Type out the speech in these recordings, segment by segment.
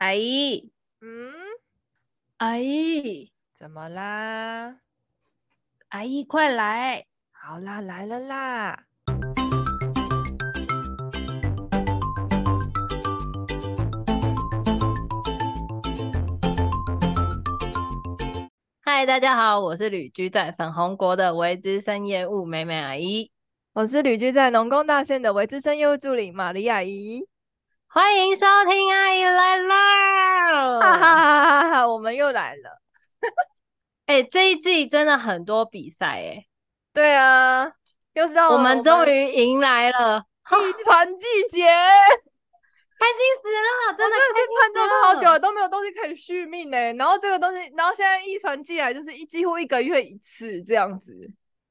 阿姨，嗯，阿姨，怎麼啦？阿姨，快來！好啦，來了啦。嗨，大家好，我是旅居在粉紅國的微資深業務美美阿姨。我是旅居在農工大縣的微資深業務助理瑪麗阿姨。歡迎收聽《阿姨來了》，哈哈哈哈哈！我們又來了，哎、 欸，這一季真的很多比賽哎、欸，對啊，就是我們終於迎來了驛傳 季節，開心死了！真的，真的是，盼這麼好久了都沒有東西可以續命呢、欸，然後這個東西，然後現在驛傳進來就是一幾乎一個月一次這樣子，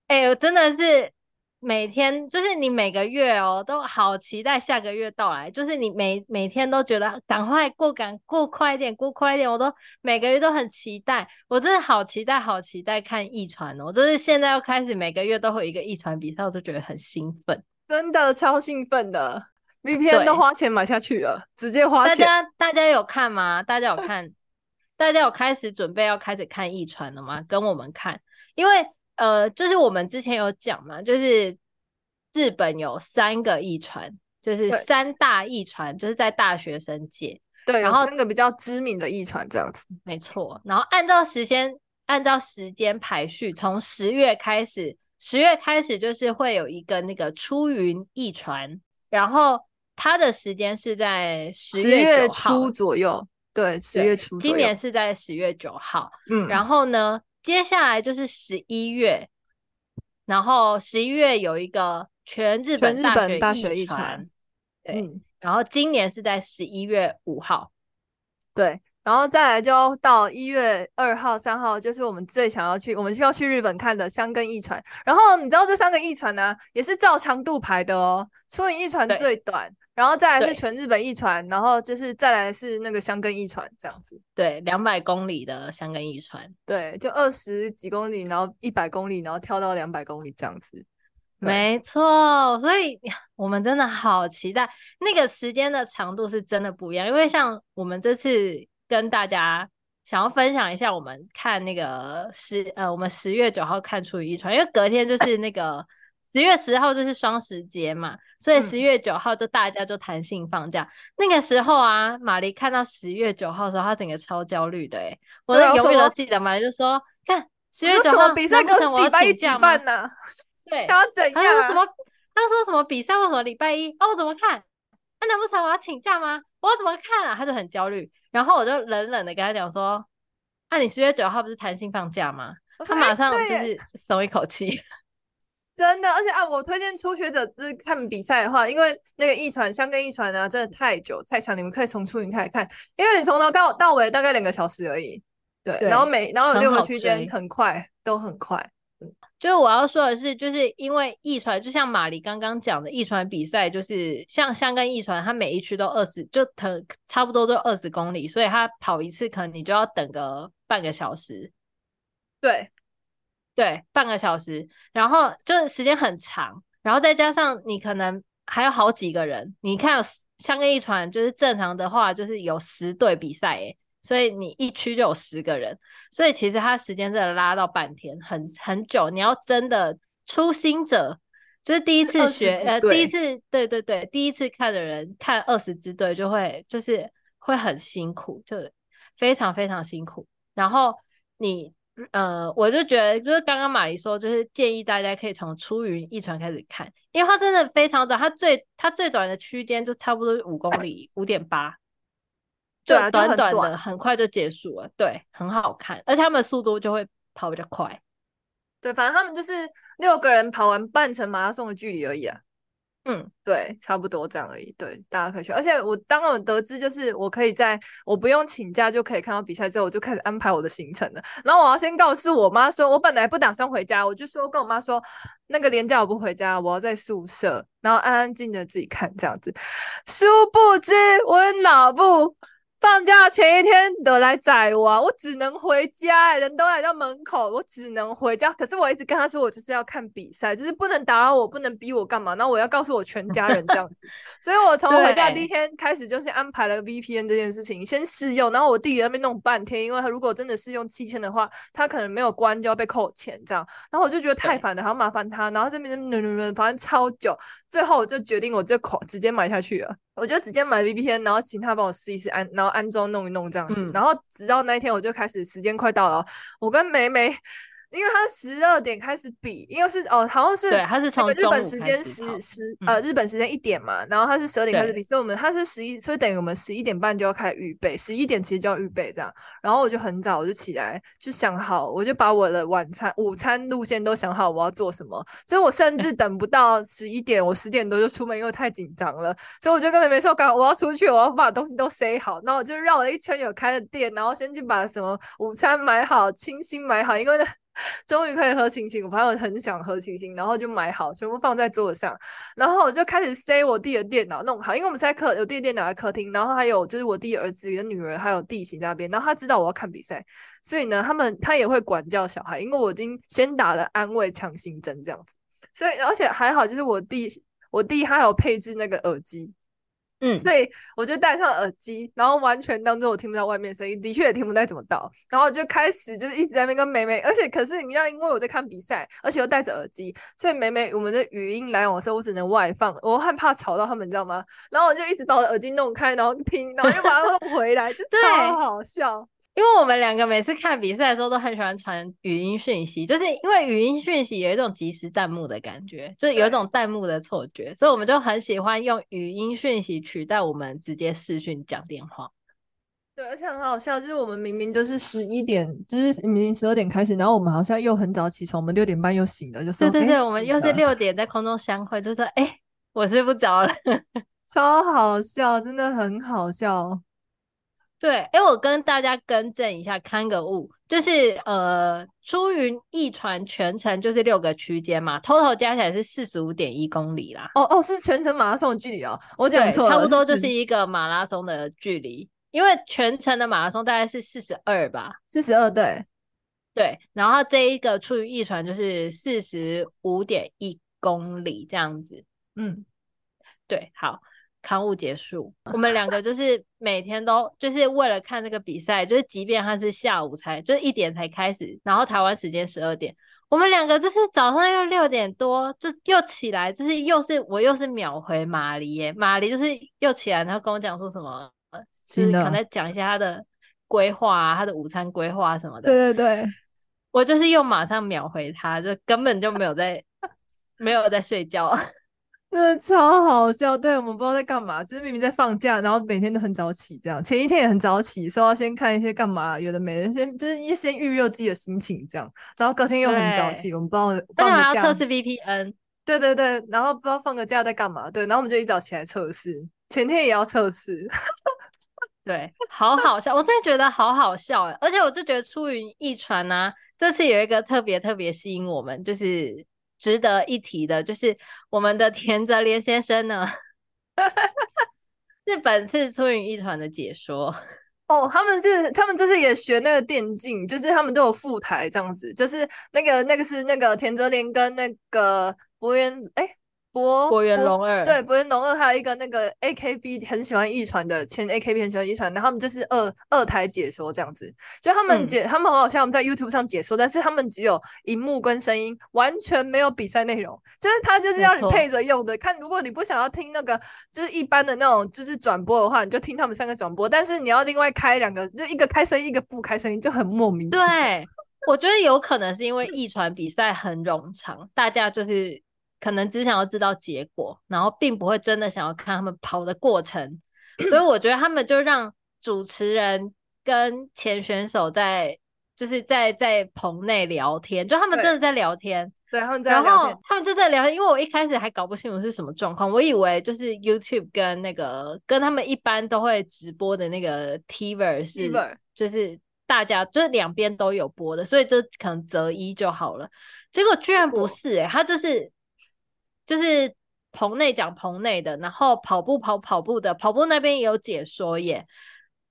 哎、欸，我真的是。每天就是你每個月哦，都好期待下個月到來。就是你每每天都覺得趕快過，趕過快一點，過快一點。我都每個月都很期待，我真的好期待，好期待看一傳哦。我就是現在要開始，每個月都會有一個一傳比賽，我就覺得很興奮，真的超興奮的。那天 n 都花錢買下去了，啊、直接花錢。大家大家有看嗎？大家有看？ 大家有開始準備要開始看一傳了嗎？跟我們看，因為。呃，就是我們之前有講嘛，就是日本有三個驛傳，就是三大驛傳，對就是在大學生界，對，然後有三個比較知名的驛傳這樣子，沒錯。然後按照時間，按照時間排序，從十月開始，十月開始就是會有一個那個出雲驛傳，然後它的時間是在十月初左右，對，十對月初左右。今年是在十月九號，嗯，然後呢，接下來就是十一月，然後十一月有一個全日本大學日本大學驛傳，對，嗯、然後今年是在十一月五號，對，然後再來就到一月二號、三號，就是我們最想要去，我們需要去日本看的箱根驛傳。然後你知道這三個驛傳呢，也是照長度排的哦，出雲驛傳最短。然後再來是全日本驛傳，對然後就是再來是那個箱根驛傳這樣子。對，兩百公里的箱根驛傳，對，就二十幾公里，然後一百公里，然後跳到兩百公里這樣子。沒錯，所以我們真的好期待那個時間的長度是真的不一樣，因為像我們這次跟大家想要分享一下，我們看那個十呃，我們十月九號看出雲驛傳，因為隔天就是那個。 十月十號就是雙十節嘛，所以十月九號就大家就彈性放假。嗯、那個時候啊，瑪麗看到十月九號的時候，她整個超焦慮的、欸。對啊、我永遠都記得嘛說就說看十月九號什麼比賽，為什麼禮拜一舉辦呢、啊？要對想要怎樣、啊？她什麼？他說什麼比賽為什麼禮拜一？啊，我怎麼看？那、啊、難不成我要請假嗎？我怎麼看啊？他就很焦慮。然後我就冷冷的跟他講說：“那、啊、你十月九號不是彈性放假嗎？”我說她馬上就是鬆一口氣。哎真的，而且啊，我推薦初學者是看比賽的話，因為那個驛傳、箱根驛傳呢，真的太久太長，你們可以從出雲開始看，因為你從頭到到尾大概兩個小時而已，對。對然後每然後有六個區間，很快，很都很快。嗯，就是我要說的是，就是因為驛傳，就像馬黎剛剛講的，驛傳比賽就是像箱根驛傳，它每一區都二十，就等差不多都二十公里，所以他跑一次，可能你就要等個半個小時。對。對，半個小時，然後就是時間很長，然後再加上你可能還有好幾個人，你看有，相隔一船，就是正常的話，就是有十隊比賽，哎，所以你一區就有十個人，所以其實它時間真的拉到半天，很很久。你要真的初心者，就是第一次學，呃，第一次，對對對，第一次看的人看二十支隊就會，就是會很辛苦，就非常非常辛苦。然後你。呃，我就覺得就是剛剛馬黎說，就是建議大家可以從出雲驛傳開始看，因為它真的非常短，它最它最短的區間就差不多五公里五點八，最 短，短短的很快就結束了，對，很好看，而且他們的速度就會跑比較快，對，反正他們就是六個人跑完半程馬拉松的距離而已啊。嗯，對，差不多這樣而已。對，大家可以去。而且我當我得知就是我可以在我不用請假就可以看到比賽之後，我就開始安排我的行程了。然後我要先告訴我媽說，我本來不打算回家，我就說跟我媽說那個連假我不回家，我要在宿舍，然後安安靜靜的自己看這樣子。殊不知我腦部。放假前一天的來載我，啊，我只能回家，欸。人都來到門口，我只能回家。可是我一直跟他說，我就是要看比賽，就是不能打擾我，不能逼我幹嘛。然後我要告訴我全家人這樣子， 所以我從回家第一天開始就是安排了 VPN 這件事情，對先試用。然後我弟弟那邊弄半天，因為他如果真的是用七千的話，他可能沒有關就要被扣錢這樣。然後我就覺得太煩了，還要對麻煩他，然後這邊就反正超久。最後我就決定，我就狂直接買下去了。我就直接買 VPN，然後請他幫我試一試安，然後安裝弄一弄這樣子，嗯、然後直到那一天我就開始，時間快到了，我跟梅梅。因為他十二點開始比，因為是哦，好像是他是從日本時間十十呃日本時間一點嘛，然後他是十二點開始比，對所以我們他是十一，所以等於我們十一點半就要開預備，十一點其實就要預備這樣，然後我就很早我就起來就想好，我就把我的晚餐、午餐路線都想好，我要做什麼，所以我甚至等不到十一點， 我十點多就出門，因為太緊張了，所以我就根本沒說我,我要出去，我要把東西都塞好，然後我就繞了一圈有開的店，然後先去把什麼午餐買好、清心買好，因為。終於可以喝清清，我朋友很想喝清清，然後就買好，全部放在桌上，然後我就開始塞我弟的電腦弄好，因為我們在客我弟的電腦在客廳，然後還有就是我弟兒子跟女兒還有弟媳在那邊，然後他知道我要看比賽，所以呢，他們他也會管教小孩，因為我已經先打了安慰強心針這樣子，所以而且還好，就是我弟我弟他還有配置那個耳機。嗯，所以我就戴上耳機，然後完全當做我聽不到外面聲音，的確也聽不太怎麼到，然後我就開始就是一直在那邊跟妹妹，而且可是你知道，因為我在看比賽，而且又戴着耳機，所以妹妹我們的語音來往的時候，我只能外放，我害怕吵到他們，你知道嗎？然後我就一直把我的耳機弄開，然後聽，然後又把它弄回來， 對就超好笑。因為我們兩個每次看比賽的時候都很喜歡傳語音訊息，就是因為語音訊息有一種即時彈幕的感覺，就是有一種彈幕的錯覺，對所以我們就很喜歡用語音訊息取代我們直接視訊講電話。對，而且很好笑，就是我們明明就是十一點，就是明明十二點開始，然後我們好像又很早起床，我們六點半又醒了，就是對對對，誒我們又是六點在空中相會，就說哎，我睡不着了， 超好笑，真的很好笑。對，哎、欸，我跟大家更正一下，看個誤，就是呃，出雲驛傳全程就是六個區間嘛，total 加起來是四十五點一公里啦。哦哦，是全程馬拉松的距離哦，我講錯，差不多就是一個馬拉松的距離，是因為全程的馬拉松大概是四十二吧，四十二對，對，然後這一個出雲驛傳就是四十五點一公里這樣子，嗯，對，好。刊物結束，我們兩個就是每天都就是為了看這個比賽， 就是即便他是下午才，就是一點才開始，然後台灣時間十二點，我們兩個就是早上又六點多就又起來，就是又是我又是秒回馬黎耶，馬黎就是又起來，然後跟我講說什麼，的是可能講一下他的規劃、啊，他的午餐規劃、啊、什麼的。 對對對，我就是又馬上秒回他，就根本就沒有在 沒有在睡覺、啊。那、嗯、超好笑，對，我們不知道在幹嘛，就是明明在放假，然後每天都很早起這樣，前一天也很早起，說要先看一些幹嘛，有的沒的，先就是先預熱自己的心情這樣，然後隔天又很早起，對我們不知道放個假，我們要測試 VPN，對對對，然後不知道放個假在幹嘛，對，然後我們就一早起來測試，前天也要測試， 對，好好笑， 我真的覺得好好笑耶，而且我就覺得出雲驛傳吶，這次有一個特別特別吸引我們，就是。值得一提的就是我們的田澤廉先生呢， 是本次出雲驛傳的解說哦。他們是他們就是也學那個電競，就是他們都有副台這樣子，就是那個那個是那個田澤廉跟那個博元哎。欸博博元龍二對，博元龍二，二還有一個那個 AKB 很喜歡驛傳的，前 AKB 很喜歡驛傳，的他們就是二二台解說這樣子，就他們解、嗯、他們好像我們在 YouTube 上解說，但是他們只有熒幕跟聲音，完全沒有比賽內容。就是他就是要你配着用的，錯看如果你不想要聽那個，就是一般的那種就是轉播的話，你就聽他們三個轉播。但是你要另外開兩個，就一個開聲音，一個不開聲音，就很莫名。對， 我覺得有可能是因為驛傳比賽很冗長，大家就是。可能只想要知道結果，然後並不會真的想要看他們跑的過程， 所以我覺得他們就讓主持人跟前選手在，就是在在棚內聊天，就他們真的在聊天。對，他們在聊天。然後他們就在聊，因為我一開始還搞不清楚是什麼狀況，我以為就是 YouTube 跟那個跟他們一般都會直播的那個 Tver 是，就是大家吧就是兩邊都有播的，所以就可能擇一就好了。結果居然不是、欸，他就是。就是棚內講棚內的，然後跑步跑跑步的，跑步那邊也有解說耶，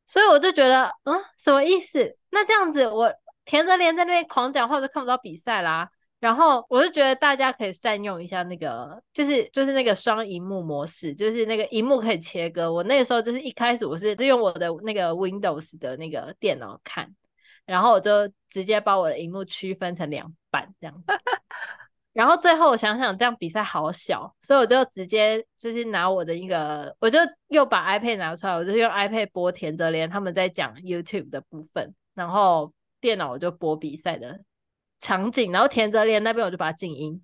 所以我就覺得，嗯，什麼意思？那這樣子，我田着臉在那邊狂講話，就看不到比賽啦。然後我就覺得大家可以善用一下那個，就是就是那個雙螢幕模式，就是那個螢幕可以切割。我那個時候就是一開始我是用我的那個 Windows 的那個電腦看，然後我就直接把我的螢幕區分成兩半，這樣子。 然後最後我想想，這樣比賽好小，所以我就直接就是拿我的一個，我就又把 iPad 拿出來，我就用 iPad 播田澤廉他們在講 YouTube 的部分，然後電腦我就播比賽的場景，然後田澤廉那邊我就把它靜音，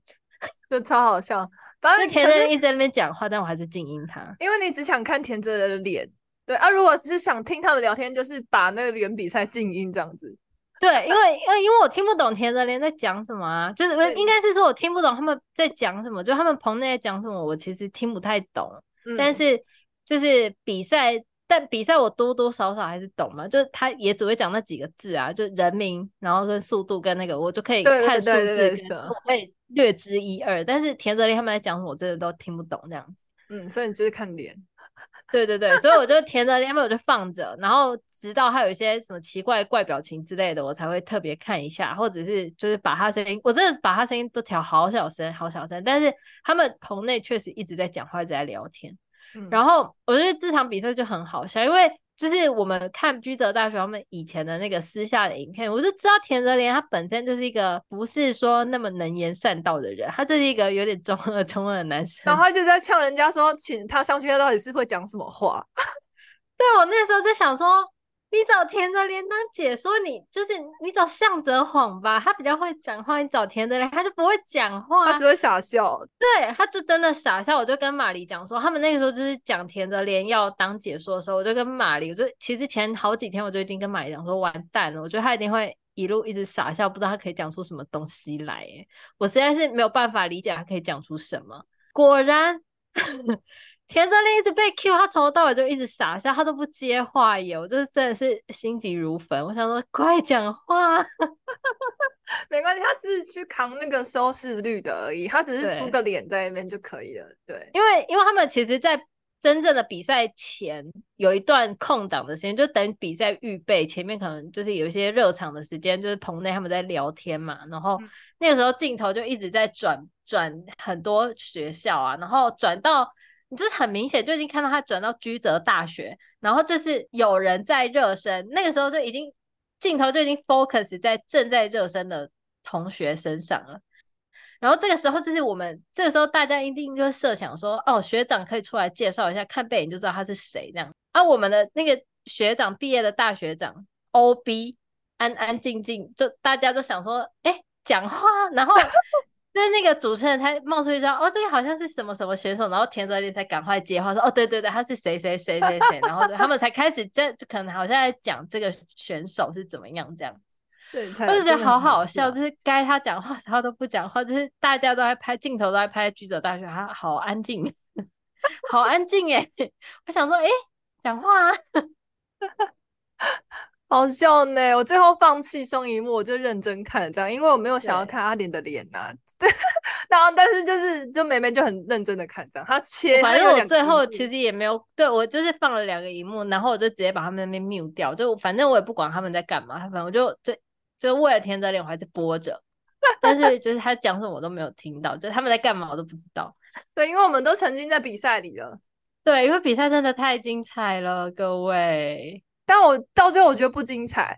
就超好笑。反正田澤廉一直在那邊講話， 但我還是靜音他，因為你只想看田澤的臉。對啊，如果只是想聽他們聊天，就是把那個原比賽靜音這樣子。 對，因為因為因為我聽不懂田澤蓮在講什麼啊，就是應該是說我聽不懂他們在講什麼，你就他們棚內講什麼，我其實聽不太懂。嗯，但是就是比賽，但比賽我多多少少還是懂嘛，就是他也只會講那幾個字啊，就人名，然後跟速度跟那個，我就可以看數字跟那個，對對對對對，我可以略知一二。但是田澤蓮他們在講什麼，我真的都聽不懂這樣子。嗯，所以你就是看臉。 對對對，所以我就填著，因為 我就放着，然後直到他有一些什麼奇怪怪表情之類的，我才會特別看一下，或者是就是把他聲音，我真的把他聲音都調好小聲，好小聲。但是他們棚內確實一直在講話，一直在聊天。嗯、然後我覺得這場比賽就很好笑，因為。就是我們看駒澤大學他們以前的那個私下的影片，我就知道田澤廉他本身就是一個不是說那麼能言善道的人，他就是一個有點裝的、沉穩的男生，然後他就在嗆人家說，請他上去，他到底是會講什麼話？ 對，我那時候在想說。你找田澤廉當解說你，你就是你找相澤晃吧，他比較會講話。你找田澤廉，他就不會講話，他只會傻笑。對，他就真的傻笑。我就跟瑪麗講說，他們那個時候就是講田澤廉要當解說的時候，我就跟瑪麗，我就其實前好幾天我就已經跟瑪麗講說，完蛋了，我覺得他一定會一路一直傻笑，不知道他可以講出什麼東西來，欸。我實在是沒有辦法理解他可以講出什麼。果然。 田真麗一直被 Q，他從頭到尾就一直傻笑，他都不接話耶！我就是真的是心急如焚，我想說，快講話。 沒關係，他只是去扛那個收視率的而已，他只是出個臉在那邊就可以了。對，對，因為因為他們其實在真正的比賽前有一段空檔的時間，就等比賽預備，前面可能就是有一些熱場的時間，就是棚內他們在聊天嘛，然後那個時候鏡頭就一直在轉轉、嗯、很多學校啊，然後轉到。就是很明顯，就已經看到他轉到駒澤大學，然後就是有人在熱身，那個時候就已經鏡頭就已經 focus 在正在熱身的同學身上了。然後這個時候就是我們，這個時候大家一定就設想說，哦，學長可以出來介紹一下，看背影就知道他是誰這樣。啊，我們的那個學長畢業的大學長，O B，安安靜靜，就大家都想說，哎、欸，講話、啊，然後。 就是那個主持人他冒出一張，哦，這個好像是什麼什麼選手，然後田澤廉才趕快接話說，哦，對對對，他是誰誰誰誰誰， 然後他們才開始在可能好像在講這個選手是怎麼樣這樣子， 對他就覺得好好笑，是好笑就是該他講話他都不講話，就是大家都在拍鏡頭都在拍駒澤大學，他好安靜， 好安靜哎， 我想說哎，講、欸、話啊。啊 好笑呢，我最後放棄雙螢幕，我就認真看了這樣，因為我沒有想要看阿蓮的臉吶、啊。對 然後，但是就是就妹妹就很認真的看這樣，她切。反正我最後其實也沒有對我就是放了兩個螢幕，幕，然後我就直接把他們那邊 mute 掉，就反正我也不管他們在幹嘛，他反正我就就就為了填着臉，我還是播着。但是就是他講什麼我都沒有聽到， 就他們在幹嘛我都不知道。對，因為我們都沉浸在比賽裡了。對，因為比賽真的太精彩了，各位。但我到最後我覺得不精彩，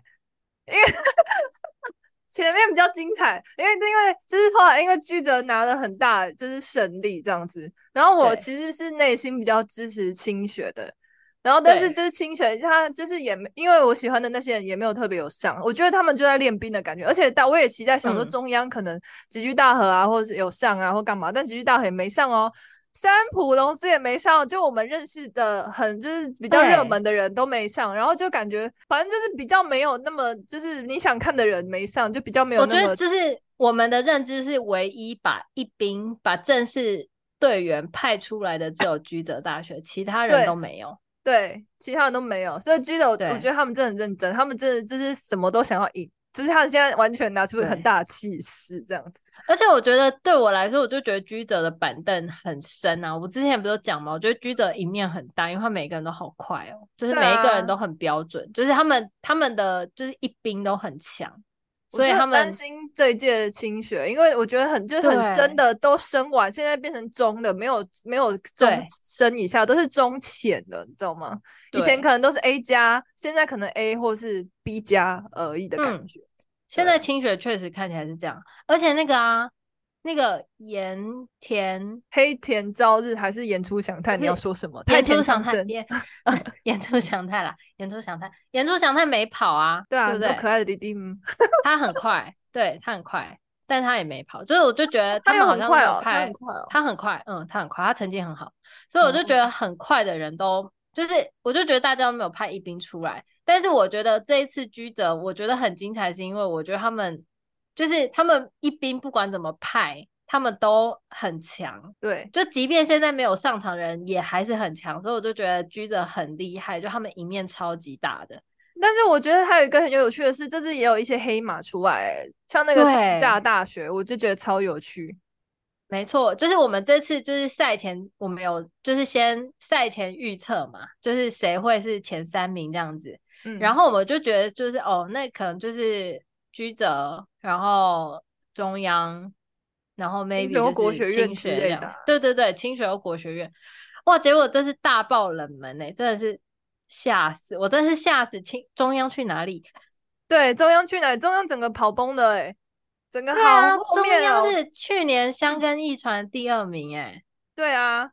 因為 前面比較精彩，因為因為就是後來因為駒澤拿了很大就是勝利這樣子，然後我其實是內心比較支持青學的，對然後但是就是青學他就是也沒對因為我喜歡的那些人也沒有特別有上，我覺得他們就在練兵的感覺，而且但我也期待想說中央可能吉居大和啊、嗯、或者有上啊或幹嘛，但吉居大和也沒上哦。三浦龍司也沒上，就我們認識的很就是比較熱門的人都沒上，對然後就感覺反正就是比較沒有那麼就是你想看的人沒上，就比較沒有。我覺得這是我們的認知，是唯一把一兵把正式隊員派出來的只有駒澤大學， 其他人都沒有對。對，其他人都沒有，所以駒澤，對我覺得他們真的很認真，他們真的就是什麼都想要贏，就是他們現在完全拿出很大的氣勢這樣子。而且我覺得對我來說，我就覺得駒澤的板凳很深啊。我之前不是講嘛，我覺得駒澤贏面很大，因為他每一個人都好快哦，就是每一個人都很標準，啊、就是他們他們的就是一兵都很強，很所以他們擔心這一屆的青學，因為我覺得很就是很深的都升完，對現在變成中的沒有沒有中深以下對都是中淺的，你知道嗎？對以前可能都是 A 加，現在可能 A 或是 B 加而已的感覺。嗯現在青學確實看起來是這樣，對而且那個啊，那個鹽田黑田朝日還是鹽出祥太，就是、你要說什麼？鹽出祥太、， 呃、太，鹽出祥太了，鹽出祥太，鹽出祥太沒跑啊，對啊，做可愛的弟弟們 他很快，對，他很快，但他也沒跑，所以我就覺得他又很快哦，他很快哦，他很快，嗯，他很快，他成績很好，所以我就覺得很快的人都，嗯嗯，就是我就覺得大家都沒有派一兵出來。但是我覺得這一次駒澤，我覺得很精彩，是因為我覺得他們就是他們一兵不管怎麼派，他們都很強。對，就即便現在沒有上場人，也還是很強。所以我就覺得駒澤很厲害，就他們贏面超級大的。但是我覺得還有一個很有趣的事，就是這次也有一些黑馬出來、欸，像那個創價大學，我就覺得超有趣對。沒錯，就是我們這次就是賽前我們有就是先賽前預測嘛，就是誰會是前三名這樣子。嗯、然後我就覺得就是哦，那可能就是駒澤，然後中央，然後 maybe 青學之類的，啊。對對對，青學和國學院，哇，結果真是大爆冷門哎，欸，真的是嚇死我，真是嚇死清中央去哪裡？對，中央去哪裡？中央整個跑崩了，欸，整個好後面，啊，中央是去年箱根驛傳第二名哎，欸，對啊。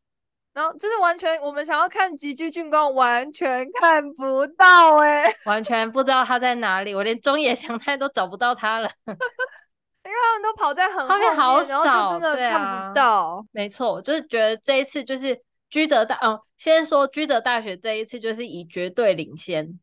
然後就是完全，我們想要看吉居俊光，完全看不到誒、欸，完全不知道他在哪裡，我連中野翔太 都找不到他了， 因為他們都跑在很後面，好少，就真的看不到。啊、沒錯，就是覺得這一次就是駒澤大，哦、啊，先說駒澤大學這一次就是以絕對領先。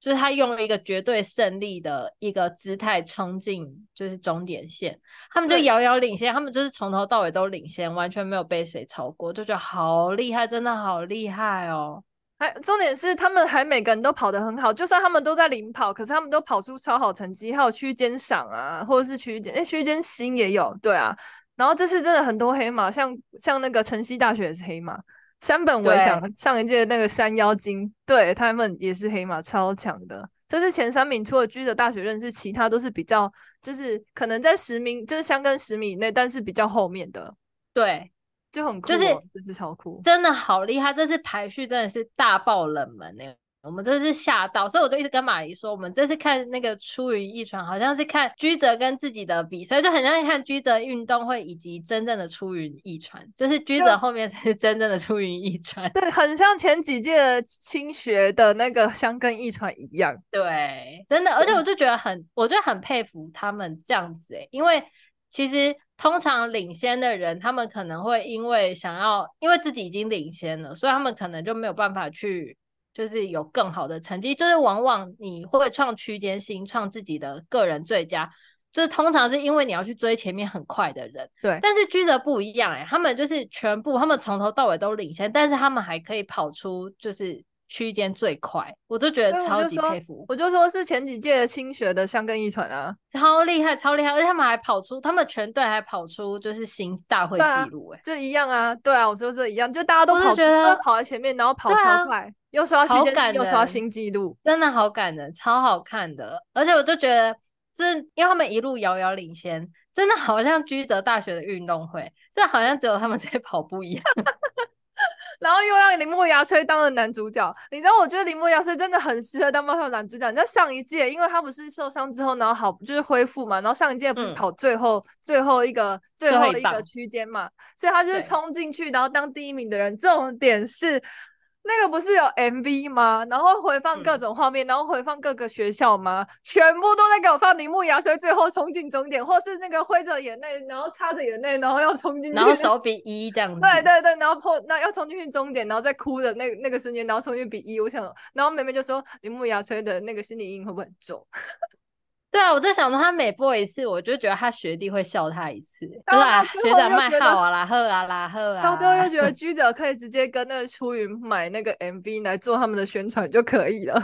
就是他用了一個絕對勝利的一個姿態衝進，就是終點線，他們就遙遙領先，對他們就是從頭到尾都領先，完全沒有被誰超過，就覺得好厲害，真的好厲害哦！還、哎、重點是他們還每個人都跑得很好，就算他們都在領跑，可是他們都跑出超好成績，還有區間賞啊，或者是區間誒、哎，區間新也有對啊，然後這次真的很多黑馬，像像那個城西大學也是黑馬。山本我想對上一屆那個山妖精。對，他們也是黑馬，超強的。這是前三名，除了居的大學認識，其他都是比較，就是可能在十名，就是相跟十米以內，但是比較後面的。對，就很酷。哦，就是，這次超酷，真的好厲害，這次排序真的是大爆冷門那，欸我們這是嚇到，所以我就一直跟馬麗說，我們這次看那個出雲驛傳，好像是看駒澤跟自己的比賽，就很像看駒澤運動會以及真正的出雲驛傳，就是駒澤後面才是真正的出雲驛傳。對，很像前幾屆的青學的那個箱根驛傳一樣。對，真的，而且我就覺得很，我就很佩服他們這樣子誒、欸，因為其實通常領先的人，他們可能會因為想要，因為自己已經領先了，所以他們可能就沒有辦法去。就是有更好的成績，就是往往你會不會創區間新創自己的個人最佳，這通常是因為你要去追前面很快的人。對，但是駒澤不一樣哎、欸，他們就是全部，他們從頭到尾都領先，但是他們還可以跑出就是。區間最快，我就覺得超級佩服。我就說，服就說是前幾屆的青學的箱根驛傳啊，超厲害，超厲害，而且他們還跑出，他們全隊還跑出就是新大會紀錄哎，就一樣啊，對啊，我說說一樣，就大家都跑，出，都跑在前面，然後跑超快，又刷新，又刷新紀錄，真的好感人，超好看的，而且我就覺得，這因為他們一路遙遙領先，真的好像居德大學的運動會，這好像只有他們在跑步一樣。 然後又讓林木牙吹當了男主角，你知道？我覺得林木牙吹真的很適合當漫畫男主角。你知道上一屆，因為他不是受傷之後，然後好就是恢復嘛，然後上一屆不是跑最後、嗯、最後一個最後一個區間嘛，所以他就是衝進去，對然後當第一名的人。這種點是。那個不是有 MV 嗎？然後回放各種畫面，嗯、然後回放各個學校嗎？全部都在給我放鈴木雅吹，最後衝進終點，或是那個揮着眼淚，然後擦着眼淚，然後要衝進去，然後手比一這樣子。對對對，然後破那要衝進去終點，然後再哭的那個、那個瞬間，然後衝進比一。我想，然後妹妹就說鈴木雅吹的那個心理陰影會不會很重？ 對啊，我就想到他每播一次，我就覺得他學弟會笑他一次。對啊，學的賣哈啊啦。喝啊啦喝啊。到最後又覺得居者可以直接跟那個出雲買那個 MV 來做他們的宣傳就可以了。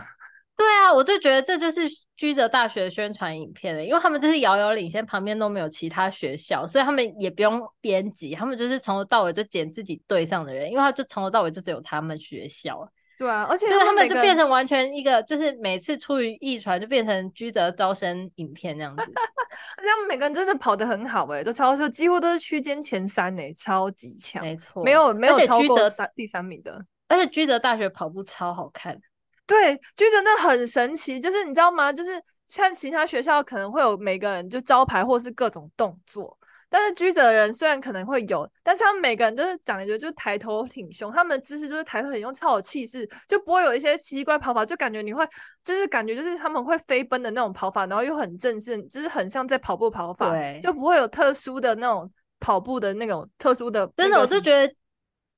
對啊， 我就覺得這就是居者大學宣傳影片了，因為他們就是遙遙領先，旁邊都沒有其他學校，所以他們也不用編輯，他們就是從頭到尾就剪自己隊上的人，因為他就從頭到尾就只有他們學校。對啊，而且他們就變成完全一個，就是每次出雲驛傳就變成駒澤招生影片那樣子。 而且他們每個人真的跑得很好哎、欸，都超超幾乎都是區間前三哎、欸，超級強。沒錯錯，沒有沒有超過三駒澤第三名的，而且駒澤大學跑步超好看。對，駒澤真的很神奇，就是你知道嗎？就是像其他學校可能會有每個人就招牌或是各種動作。但是居者的人雖然可能會有，但是他們每個人都是感覺就是抬頭挺胸，他們的姿勢就是抬頭挺胸，超有氣勢，就不會有一些奇奇怪跑法，就感覺你會就是感覺就是他們會飛奔的那種跑法，然後又很正式，就是很像在跑步跑法，對就不會有特殊的那種跑步的那種特殊的。真的，我是覺得。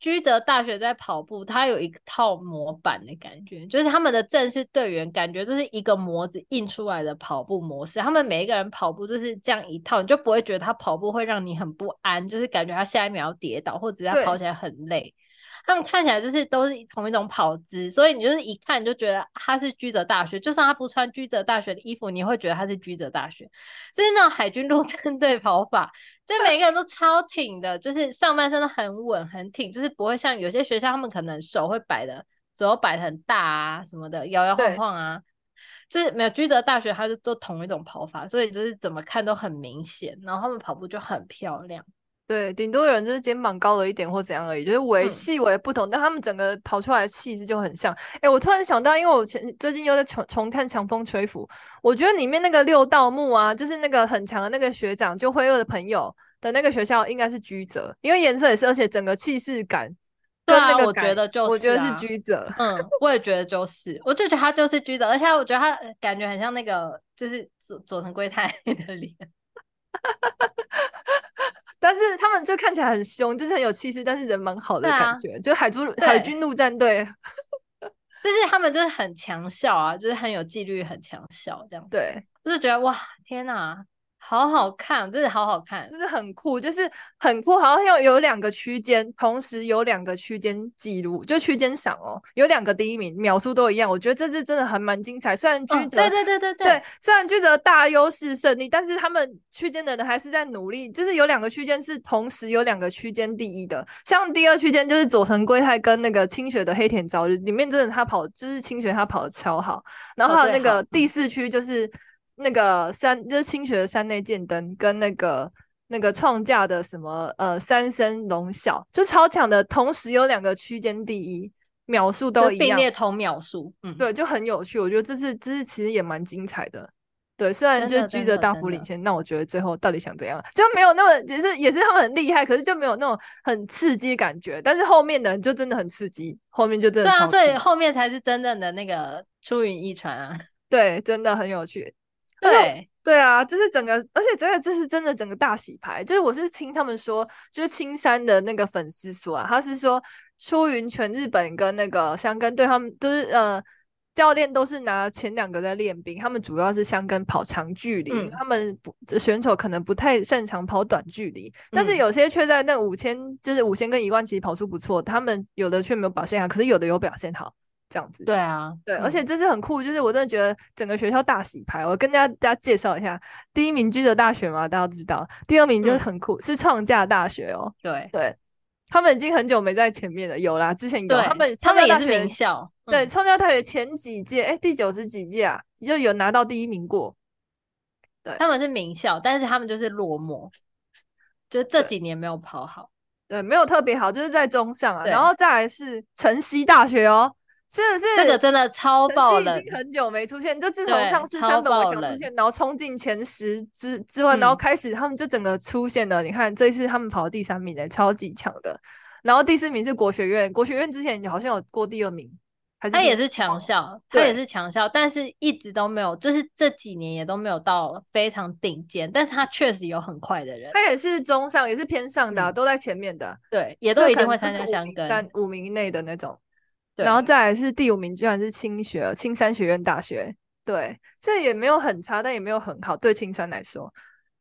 駒澤大學在跑步，他有一套模板的感覺，就是他們的正式隊員感覺就是一個模子印出來的跑步模式。他們每一個人跑步就是這樣一套，你就不會覺得他跑步會讓你很不安，就是感覺他下一秒要跌倒，或者他跑起來很累。他們看起來就是都是同一種跑姿，所以你就是一看你就覺得他是駒澤大學，就算他不穿駒澤大學的衣服，你也會覺得他是駒澤大學，就是那種海軍陸戰隊跑法，就每個人都超挺的， 就是上半身都很穩很挺，就是不會像有些學校他們可能手會擺的，左右擺得很大啊什麼的，搖搖晃晃啊，對就是沒有駒澤大學，他就都同一種跑法，所以就是怎麼看都很明顯，然後他們跑步就很漂亮。對，頂多有人就是肩膀高了一點或怎樣而已，就是微細微不同，嗯、但他們整個跑出來的氣勢就很像。哎、欸，我突然想到，因為我前最近又在重重看《強風吹拂》，我覺得裡面那個六道木啊，就是那個很強的那個學長，就灰二的朋友的那個學校應該是駒澤。因為顏色也是，而且整個氣勢感，感。對啊，我覺得就是、啊，我覺得是駒澤。 嗯，我也覺得就是，我就覺得他就是駒澤，而且我覺得他感覺很像那個就是佐佐藤圭太的臉。 但是他們就看起來很兇，就是很有氣勢，但是人蠻好的感覺。啊、就海珠對海軍陸戰隊，就是他們就是很強校啊，就是很有紀律，很強校。這樣子。對，就是覺得哇，天哪、啊！好好看，真的好好看，就是很酷，就是很酷。好像有有兩個區間，同時有兩個區間記錄，就區間賞哦，有兩個第一名，秒數都一樣。我覺得這次真的還蠻精彩。雖然駒澤、哦、對對對對對，對雖然駒澤大優勢勝利，但是他們區間的人還是在努力。就是有兩個區間是同時有兩個區間第一的，像第二區間就是佐藤圭太跟那個青學的黑田朝日，裡面真的他跑，就是青學他跑的超好。然後還有那個第四區就是。那個山就是青學的山內健登跟那個那個創價的什麼呃三生龍小，就超強的，同時有兩個區間第一，秒數都一樣，並列同秒數，對嗯，對，就很有趣。我覺得這次這次其實也蠻精彩的，對，雖然就居者大幅領先，那我覺得最後到底想怎樣，就沒有那麼，也是也是他們很厲害，可是就沒有那種很刺激的感覺。但是後面的人就真的很刺激，後面就真的刺激，對啊，所以後面才是真正的那個出雲驛傳啊，對，真的很有趣。對，對啊，這是整個，而且真的這是真的整個大洗牌。就是我是聽他們說，就是青山的那個粉絲說，啊，他是說，出雲全日本跟那個箱根，對他們就是呃教練都是拿前兩個在練兵，他們主要是箱根跑長距離，嗯、他們不選手可能不太擅長跑短距離，嗯、但是有些卻在那五千就是五千跟一萬其實跑出不錯，他們有的卻沒有表現好，可是有的有表現好。這樣子對啊，對，嗯、而且這是很酷，就是我真的覺得整個學校大洗牌。我跟大家，跟大家介紹一下，第一名駒澤大學嘛，大家都知道。第二名就是很酷，嗯、是創價大學哦。對對，他們已經很久沒在前面了。有啦，之前有、啊、對他們他們也是名校。嗯、對，創價大學前幾屆，哎、欸，第九十幾屆啊，就有拿到第一名過。對，他們是名校，但是他們就是落寞，就這幾年沒有跑好。對，對，沒有特別好，就是在中上啊。對然後再來是城西大學哦。是不是這個真的超爆冷？已經很久沒出現，就自從上次三本我想出現，然後衝進前十之之外，嗯、然後開始他們就整個出現了。你看這次他們跑第三名、欸、超級強的。然後第四名是國學院，國學院之前好像有過第二名，還是他也是強校，對他也是強校，但是一直都沒有，就是這幾年也都沒有到非常頂尖，但是他確實有很快的人。他也是中上，也是偏上的，啊、嗯、都在前面的，啊。對，也都一定會參加箱根但五名內的那種。對然後再來是第五名，居然是青學青山學院大學，對，這也沒有很差，但也沒有很好對青山來說。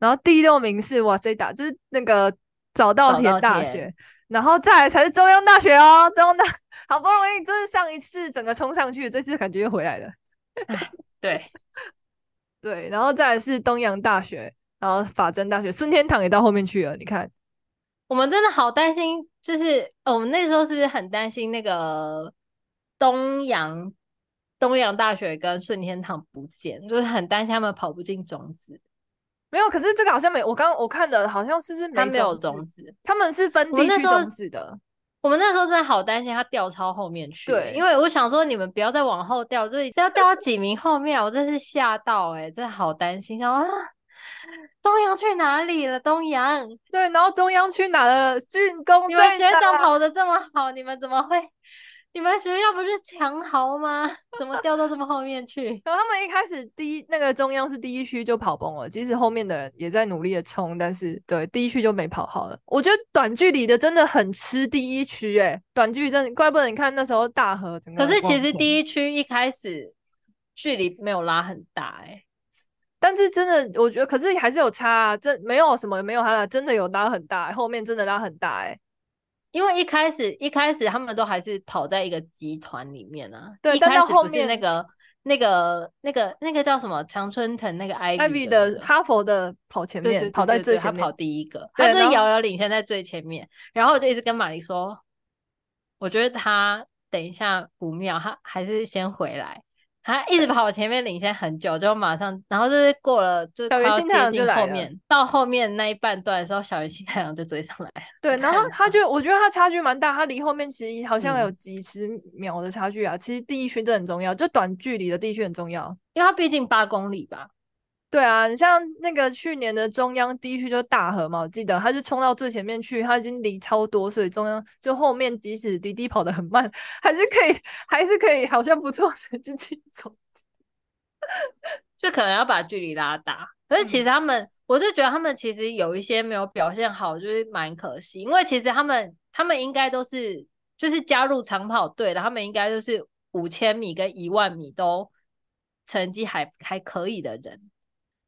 然後第六名是哇塞打，就是那個早稻田大學，然後再來才是中央大學哦，中央大好不容易就是上一次整個衝上去，這次感覺又回來了。對。 對，然後再來是東洋大學，然後法政大學，順天堂也到後面去了，你看，我們真的好擔心，就是、哦、我們那時候是不是很擔心那個。東洋東洋大學跟順天堂不見，就是很擔心他們跑不進種子。沒有，可是這個好像沒，我剛我看的好像是是沒種子。他，沒有種子，他們是分地區種子的我。我們那時候真的好擔心他掉超後面去，對，因為我想說你們不要再往後掉，所以只要掉到幾名後面， 我真是嚇到哎、欸，真的好擔心，想說啊，東洋去哪裡了？東洋？對，然後中央去哪了？竣工，你們學長跑得這麼好，你們怎麼會？你們學校不是強豪嗎？怎麼掉到這麼後面去？然後 他們一開始第一那個中央是第一區就跑崩了，即使後面的人也在努力的衝，但是對第一區就沒跑好了。我覺得短距離的真的很吃第一區，誒，短距離真的怪不得你看那時候大和可是其實第一區一開始距離沒有拉很大、欸，誒，但是真的我覺得，可是還是有差、啊，真沒有什麼沒有他了，真的有拉很大，後面真的拉很大、欸，誒。因為一開始一開始他們都還是跑在一個集團裡面呢、啊，對，一開始是那個那個那個那個叫什麼常春藤那個 Ivy 的哈佛的跑前面，對對對對對，跑在最前面，他跑第一個，他是遙遙領先在最前面，然後我就一直跟瑪麗說，我覺得他等一下不妙，他還是先回來。他一直跑我前面領先很久，嗯、就馬上，然後就是過了，就是小魚星太陽就後面，來了到後面那一半段的時候，小魚星太陽就追上來了。對，然後他， 他就，我覺得他差距蠻大，他離後面其實好像有幾十秒的差距啊。嗯、其實第一圈真的很重要，就短距離的第一圈很重要，因為他畢竟八公里吧。對啊，你像那個去年的中央第一區就大河嘛，我記得他就衝到最前面去，他已經離超多，所以中央就後面即使弟弟跑得很慢，還是可以，還是可以，好像不錯成績去走， 就可能要把距離拉大。可是其實他們，嗯、我就覺得他們其實有一些沒有表現好，就是蠻可惜，因為其實他們他們應該都是就是加入長跑隊的，他們應該就是五千米跟一萬米都成績還還可以的人。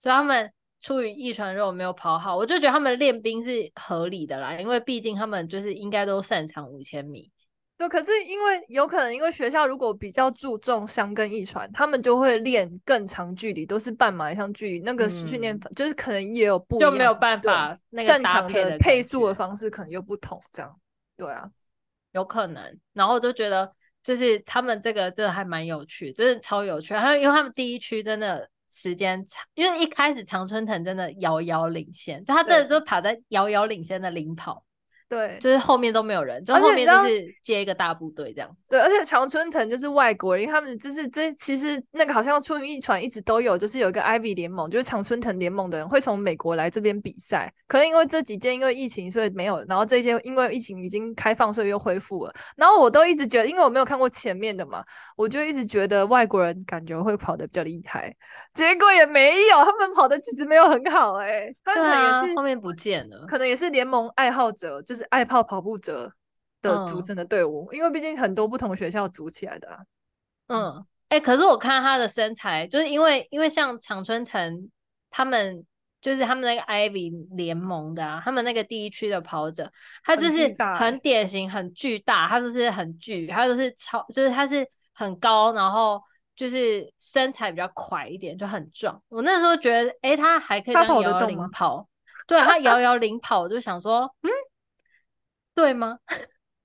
所以他們出雲驛傳肉沒有跑好，我就覺得他們練兵是合理的啦，因為畢竟他們就是應該都擅長五千米。對，可是因為有可能，因為學校如果比較注重箱跟驛傳，他們就會練更長距離，都是半馬以上距離。那個訓練、嗯、就是可能也有不一樣，就沒有辦法對那擅長的配速的方式可能又不同這樣。對啊，有可能。然後我就覺得就是他們這個這個還蠻有趣，真的超有趣。還有因為他們第一區真的，時間長，因為一開始常春藤真的遙遙領先，就他真的都跑在遙遙領先的領跑。對，就是後面都沒有人，對就後面就是接一個大部隊這樣。對，而且常春藤就是外國人，因為他們就是這其實那個好像出雲驛傳一直都有，就是有一個 Ivy 聯盟，就是常春藤聯盟的人會從美國來這邊比賽。可能因為這幾屆因為疫情所以沒有，然後這些因為疫情已經開放，所以又恢復了。然後我都一直覺得，因為我沒有看過前面的嘛，我就一直覺得外國人感覺會跑得比較厲害。結果也沒有，他們跑的其實沒有很好誒、欸。啊、他們也是後面不見了，可能也是聯盟愛好者，就是愛跑跑步者的組成的隊伍，嗯、因為畢竟很多不同學校組起來的、啊、嗯，哎、嗯欸，可是我看他的身材，就是因為因為像常春藤他們，就是他們那個 Ivy 聯盟的、啊，他們那個第一區的跑者，他就是很典型，很巨,欸、很巨大，他就是很巨，他就是超，就是他是很高，然後。就是身材比較快一點，就很壯。我那時候覺得，哎、欸，他還可以搖搖跑。他跑得動嗎？對搖搖跑，對他遙遙領跑，我就想說， 嗯，對嗎？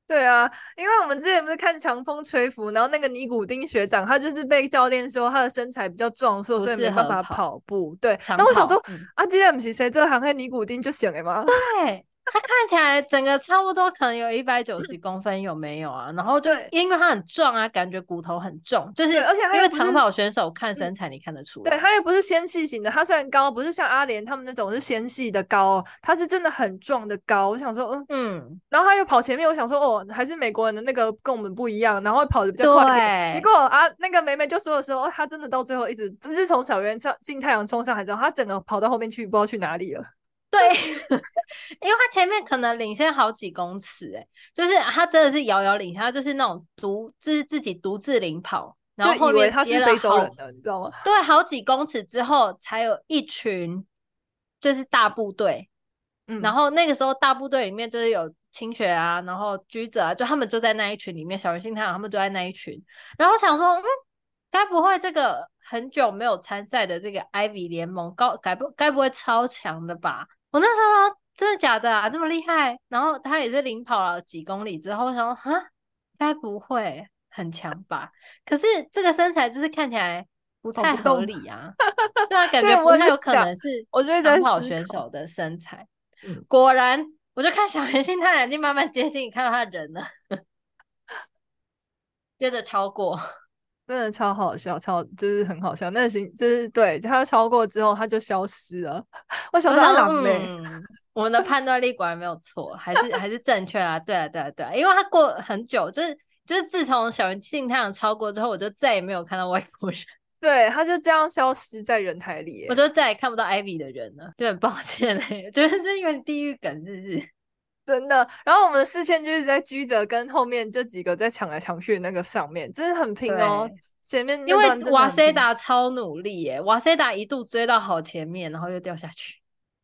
對啊，因為我們之前不是看強風吹拂，然後那個尼古丁學長，他就是被教練說他的身材比較壯碩，所以沒辦法跑步。不跑對，那跑我想說，嗯、啊今天不是誰？這航行尼古丁就行。了嗎？對。 他看起來整個差不多可能有一百九十公分，有沒有啊？ 然後就因為他很壯啊，對感覺骨頭很重，就是而且他因為長跑選手看身材，你看得出來對、嗯？對，他又不是纖細型的，他雖然高，不是像阿蓮他們那種是纖細的高，他是真的很壯的高。我想說，嗯嗯，然後他又跑前面，我想說，哦，還是美國人的那個跟我們不一樣，然後跑得比較快。對結果啊，那個妹妹就說的時候、哦，他真的到最後一直，就是從小圓上進太陽衝上海之後，他整個跑到後面去，不知道去哪裡了。 對，因為他前面可能領先好幾公尺，哎，就是他真的是遙遙領先，他就是那種獨，就是自己獨自領跑，然後，後面接就以為他是非洲人的，你知道嗎？對，好幾公尺之後才有一群，就是大部隊。嗯，然後那個時候大部隊裡面就是有青學啊，然後駒澤啊，就他們就在那一群裡面，小行星太陽他們就在那一群，然後想說，嗯，該不會這個很久沒有參賽的這個 Ivy 聯盟，高該不該不會超強的吧？我那時候、啊、真的假的啊，這麼厲害？然後他也是領跑了幾公里之後，我想說啊，該不會很強吧？ 可是這個身材就是看起來不太合理啊，不 對啊，感覺 對不太有可能是長跑選手的身材。果然，我就看小圓心，他眼睛慢慢接近，你看到他人了， 接着超過。真的超好笑，超就是很好笑。那是、個、就是對他超過之後他就消失了， 我，想我想說，狼、嗯、 我們的判斷力果然沒有錯，還是 還是正確啊！對啊對啊對啊，對啊，因為他過很久，就是就是自從小圓慶他陽超過之後，我就再也沒有看到外國人。對，他就這樣消失在人海裡，我就再也看不到艾比的人了，就很抱歉嘞， 就是這有點地獄梗，就是。真的，然後我們的視線就是在駒澤跟後面這幾個在搶來搶去的那個上面，真的很拼哦。前面因為 Waseda 超努力耶，Waseda 一度追到好前面，然後又掉下去。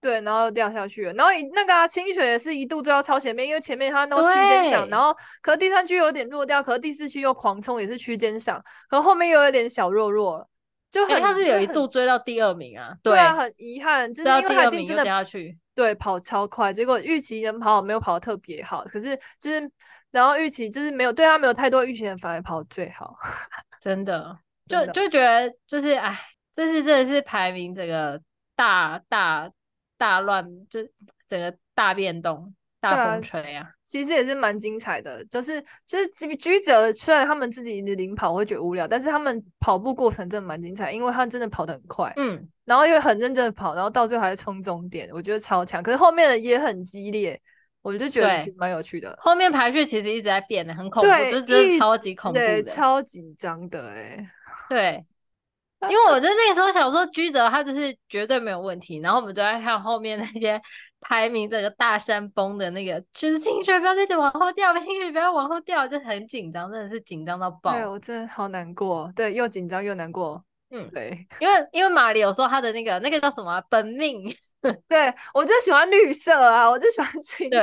對，然後又掉下去了，然後那個、啊、青學也是一度追到超前面，因為前面他們都區間賞，對然後可是第三區有點弱掉，可是第四區又狂衝，也是區間賞，可是後面又有點小弱弱。就很、欸、他是有一度追到第二名啊，對啊，對很遺憾，就是因為他已經真的對跑超快，結果預期人跑，沒有跑的特別好，可是就是，然後預期就是沒有對他沒有太多，預期的反而跑最好， 真的，真的就就覺得就是哎，這是真的是排名這個大大大亂，就是整個大變動。大風吹呀，對啊，其實也是蠻精彩的，就是就是駒駒澤雖然他們自己的領跑會覺得無聊，但是他們跑步過程真的蠻精彩，因為他們真的跑得很快，嗯，然後又很認真的跑，然後到最後還是衝終點，我覺得超強。可是後面的也很激烈，我就覺得其實蠻有趣的。後面排序其實一直在變得很恐怖，對就真的超級恐怖，對，超緊張的、欸，誒，對，因為我在那個時候想說駒澤他就是絕對沒有問題，然後我們都在看後面那些。排名這個大山崩的那個，就是清水不要再往後掉，清水不要往後掉，就很緊張，真的是緊張到爆。對，我真的好難過。對，又緊張又難過。嗯，對，因，因為因為馬里有說他的那個那個叫什麼、啊、本命， 對我就喜歡綠色啊，我就喜歡青。對。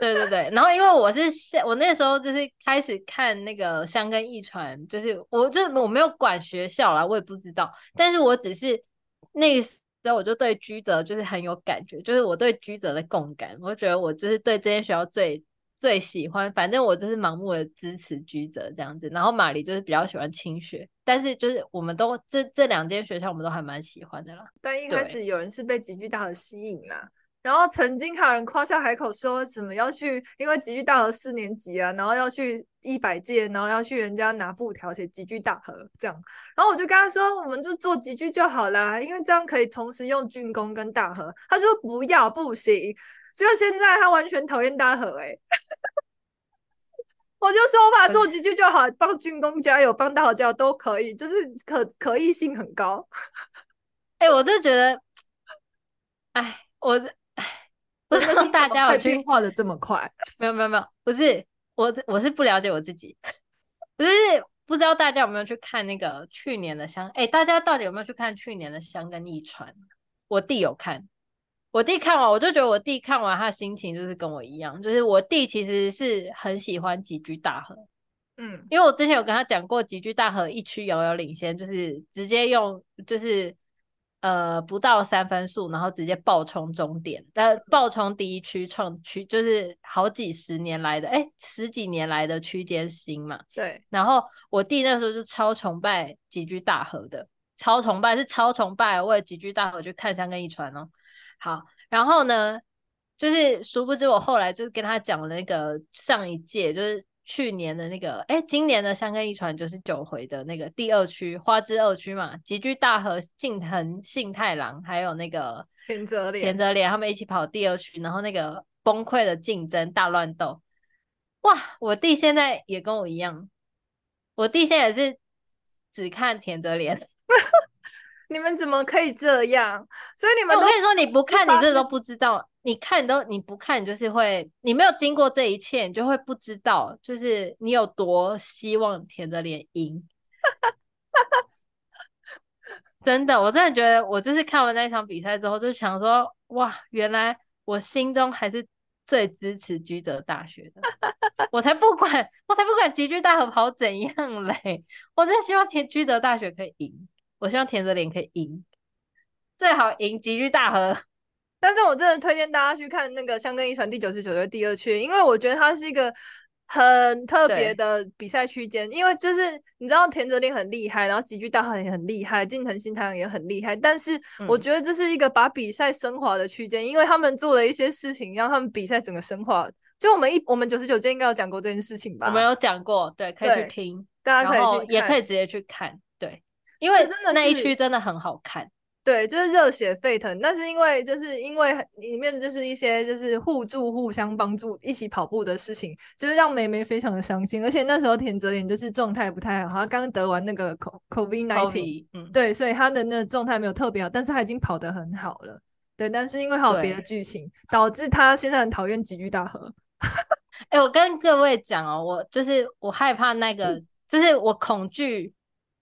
對對對。然後因為我是我那時候就是開始看那個箱根驛傳，就是我就我沒有管學校啦，我也不知道，但是我只是那個。所以我就對駒澤就是很有感覺，就是我對駒澤的共感，我覺得我就是對這間學校最最喜歡，反正我就是盲目的支持駒澤這樣子。然後瑪麗就是比較喜歡青學，但是就是我們都這這兩間學校我們都還蠻喜歡的啦。但一開始對有人是被極聚大的吸引了。然後曾經還有人誇下海口，說什麼要去，因為吉居大和四年級啊，然後要去一百屆，然後要去人家拿布條寫吉居大和這樣。然後我就跟他說，我們就做吉居就好啦，因為這樣可以同時用駿恭跟大和。他說不要不行，所以現在他完全討厭大和哎、欸。 我就說吧，做吉居就好，幫駿恭加油，幫大和加油都可以，就是可可行性很高。哎、 欸，我就覺得，哎，我。不，是大家我聽話的這麼快？ 沒有沒有沒有，不是我，我是不了解我自己，不是，不知道大家有沒有去看那個去年的香？哎、欸，大家到底有沒有去看去年的箱根驛傳？我弟有看，我弟看完我就覺得我弟看完他的心情就是跟我一樣，就是我弟其實是很喜歡吉居大和，嗯，因為我之前有跟他講過吉居大和一區遙遙領先，就是直接用就是。呃，不到三分數，然後直接爆衝終點，但、呃、爆衝第一區創區就是好幾十年來的，哎，十幾年來的區間新嘛。對。然後我弟那時候就超崇拜吉居大和的，超崇拜是超崇拜，為了吉居大和去看箱根驛傳哦。好，然後呢，就是殊不知我後來就是跟他講了那個上一屆，就是。去年的那個，哎、欸，今年的箱根驛傳就是九回的那個第二區花之二區嘛，吉居大和、近藤幸太郎，還有那個田澤田澤蓮，他們一起跑第二區，然後那個崩潰的競爭大亂鬥。哇，我弟現在也跟我一樣，我弟現在也是只看田澤蓮， 你們怎麼可以這樣？所以你們，我跟你說，你不看你這都不知道。你看都你不看，你就是會你沒有經過這一切，你就會不知道，就是你有多希望田澤廉贏。 真的，我真的覺得我就是看完那一場比賽之後，就想說，哇，原來我心中還是最支持駒澤大學的。 我才不管，我才不管吉居大和跑怎樣嘞、欸，我真希望田駒澤大學可以贏，我希望田澤廉可以贏，最好贏吉居大和。但是我真的推薦大家去看那個《箱根驛傳》第九十九第二區，因為我覺得它是一個很特別的比賽區間。對因為就是你知道田澤廉很厲害，然後吉居大和也很很厲害，近藤幸太郎也很厲害。但是我覺得這是一個把比賽升華的區間，嗯、因為他們做了一些事情，讓他們比賽整個升華。就我們一我們九十九集應該有講過這件事情吧？我們有講過，對，可以去聽，大家可以去看，也可以直接去看，對，因為真的那一區真的很好看。對，就是熱血沸騰，那是因為就是因為裡面就是一些就是互助、互相幫助、一起跑步的事情，就是讓梅梅非常的傷心。而且那時候田澤廉就是狀態不太好，他剛剛得完那個 CO-COVID-19，COVID，嗯，對，所以他的那個狀態沒有特別好，但是他已經跑得很好了。對，但是因為還有別的劇情，對導致他現在很討厭吉居大和。哎、 欸，我跟各位講哦，我就是我害怕那個，嗯、就是我恐懼，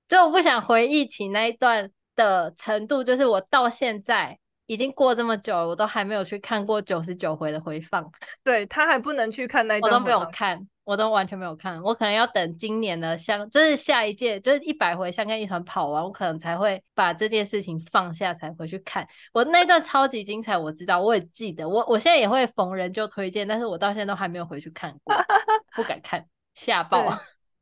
就我不想回憶起那一段。的程度就是我到現在已經過這麼久了，我都還沒有去看過九十九回的回放。對，他還不能去看那一段，我都沒有看，我都完全沒有看。我可能要等今年的香，就是下一屆，就是一百回箱根驛傳跑完，我可能才會把這件事情放下，才回去看。我那段超級精彩，我知道，我也記得，我我現在也會逢人就推薦。但是我到現在都還沒有回去看過， 不敢看，嚇爆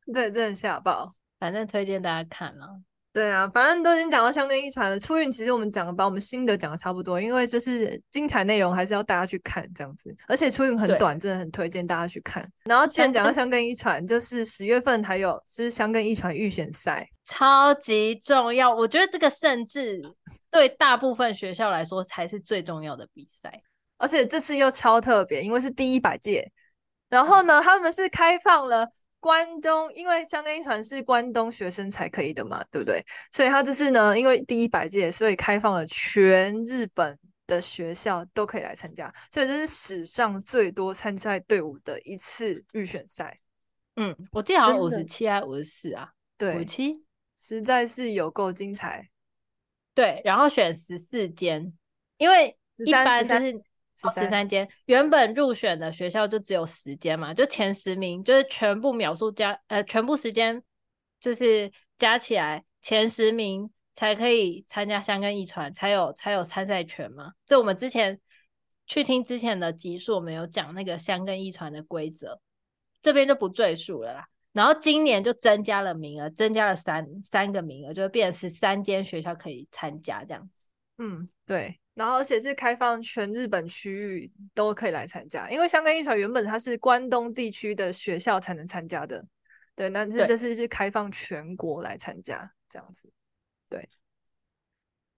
對！對，真的嚇爆。反正推薦大家看了啊。對啊，反正都已經講到箱根驛傳了。出雲其實我們講的，把我們心得講的差不多，因為就是精彩內容還是要大家去看這樣子。而且出雲很短，對真的很推薦大家去看。然後，既然講到箱根驛傳， 就是十月份還有就是箱根驛傳預選賽，超級重要。我覺得這個甚至對大部分學校來說才是最重要的比賽。 而且這次又超特別，因為是第一百屆。然後呢，他們是開放了。關東，因為箱根驛傳是關東學生才可以的嘛，對不對？所以他這次呢，因為第一百屆，所以開放了全日本的學校都可以來參加，所以這是史上最多參賽隊伍的一次預選賽。嗯，我記得好像五十七還是五十四啊？對，五十七，實在是有夠精彩。對，然後選十四間，因為三十三。是。 十三間原本入選的學校就只有十間嘛，就前十名，就是全部秒數加，呃全部時間就是加起來前十名才可以參加箱根驛傳，才有才有參賽權嘛。這我們之前去聽之前的集數，我們有講那個箱根驛傳的規則，這邊就不贅述了啦。然後今年就增加了名額，增加了三三個名額，就變成十三間學校可以參加這樣子。嗯，對，然後而且是開放全日本區域都可以來參加，因為箱根驛傳原本它是關東地區的學校才能參加的，對，那這這次是開放全國來參加對這樣子，對，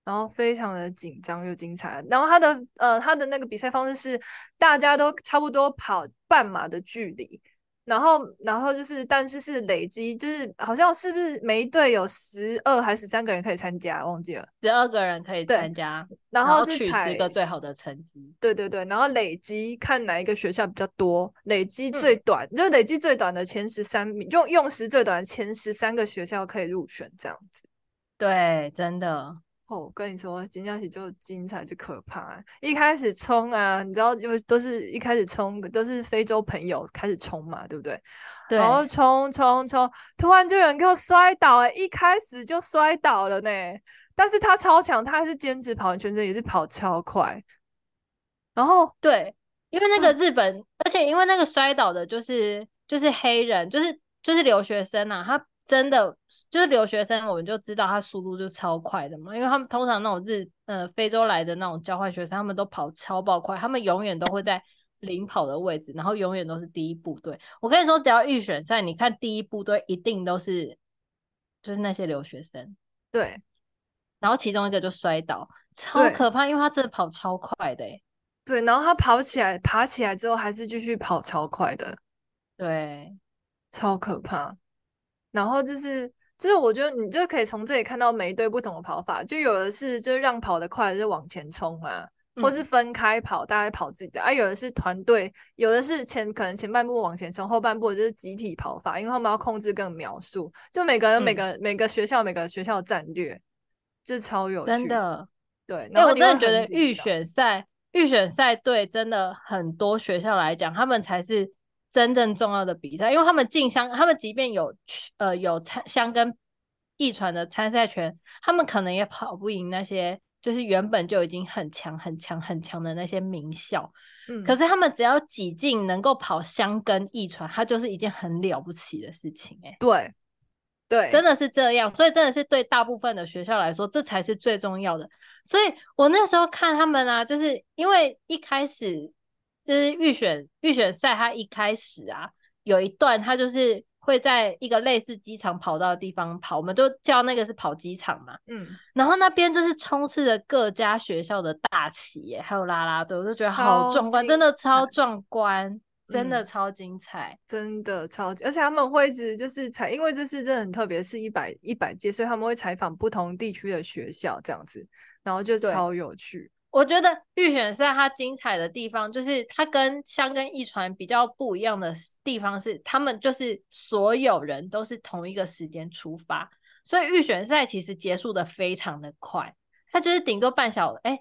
然後非常的緊張又精彩，然後他的呃他的那個比賽方式是大家都差不多跑半馬的距離。然後，然後就是，但是是累積，就是好像是不是每一隊有十二還是十三個人可以參加，忘記了。十二個人可以參加，然後,是然後取十個最好的成績。對對對，然後累積看哪一個學校比較多，累積最短，嗯、就累積最短的前十三名，用用時最短的前十三個學校可以入選，這樣子。對，真的。哦、我跟你說，金佳喜就精彩就可怕啊。一開始衝啊，你知道，就都是一開始衝，都是非洲朋友開始衝嘛，對不對？對。然後衝衝衝，突然就有人給我摔倒了，一開始就摔倒了呢。但是他超強，他還是堅持跑完全程，也是跑超快。然後對，因為那個日本，啊？而且因為那個摔倒的，就是就是黑人，就是就是留學生啊，他。真的就是留學生，我們就知道他速度就超快的嘛，因為他們通常那種日呃、非洲來的那種交換學生，他們都跑超爆快，他們永遠都會在領跑的位置，然後永遠都是第一部隊。我跟你說，只要預選賽，你看第一部隊一定都是就是那些留學生，對。然後其中一個就摔倒，超可怕，對因為他真的跑超快的誒，對。然後他跑起來，爬起來之後還是繼續跑超快的，對，超可怕。然後就是，就是我覺得你就可以從這裡看到每一隊不同的跑法，就有的是就是讓跑得快就往前衝嘛、啊，或是分開跑，大家跑自己的、嗯、啊；有的是團隊，有的是前可能前半部往前衝，後半部就是集體跑法，因為他們要控制跟描述。就每個人、嗯、每個、每個學校、每個學校的戰略，這超有趣。真的，對，那我真的覺得預選賽、預選賽對真的很多學校來講，他們才是。真正重要的比賽，因為他們進香，他們即便有去呃有參箱根驛傳的參賽權，他們可能也跑不贏那些就是原本就已經很強很強很強的那些名校。嗯、可是他們只要擠進能夠跑箱根驛傳，它就是一件很了不起的事情、欸，哎，對，對，真的是這樣，所以真的是對大部分的學校來說，這才是最重要的。所以我那時候看他們啊，就是因為一開始。就是預選預選賽，它一開始啊，有一段他就是會在一個類似機場跑道的地方跑，我們都叫那個是跑機場嘛。嗯。然後那邊就是充斥着各家學校的大旗、欸，還有啦啦隊，我就覺得好壯觀，真的超壯觀，嗯、真的超精彩，真的超精彩，真的超，而且他們會一直就是採，因為這是真的很特別，是一百一百屆，所以他們會採訪不同地區的學校這樣子，然後就超有趣。我覺得預選賽它精彩的地方，就是它跟箱根驛傳比較不一樣的地方是，他們就是所有人都是同一個時間出發，所以預選賽其實結束的非常的快，它就是頂多半小哎，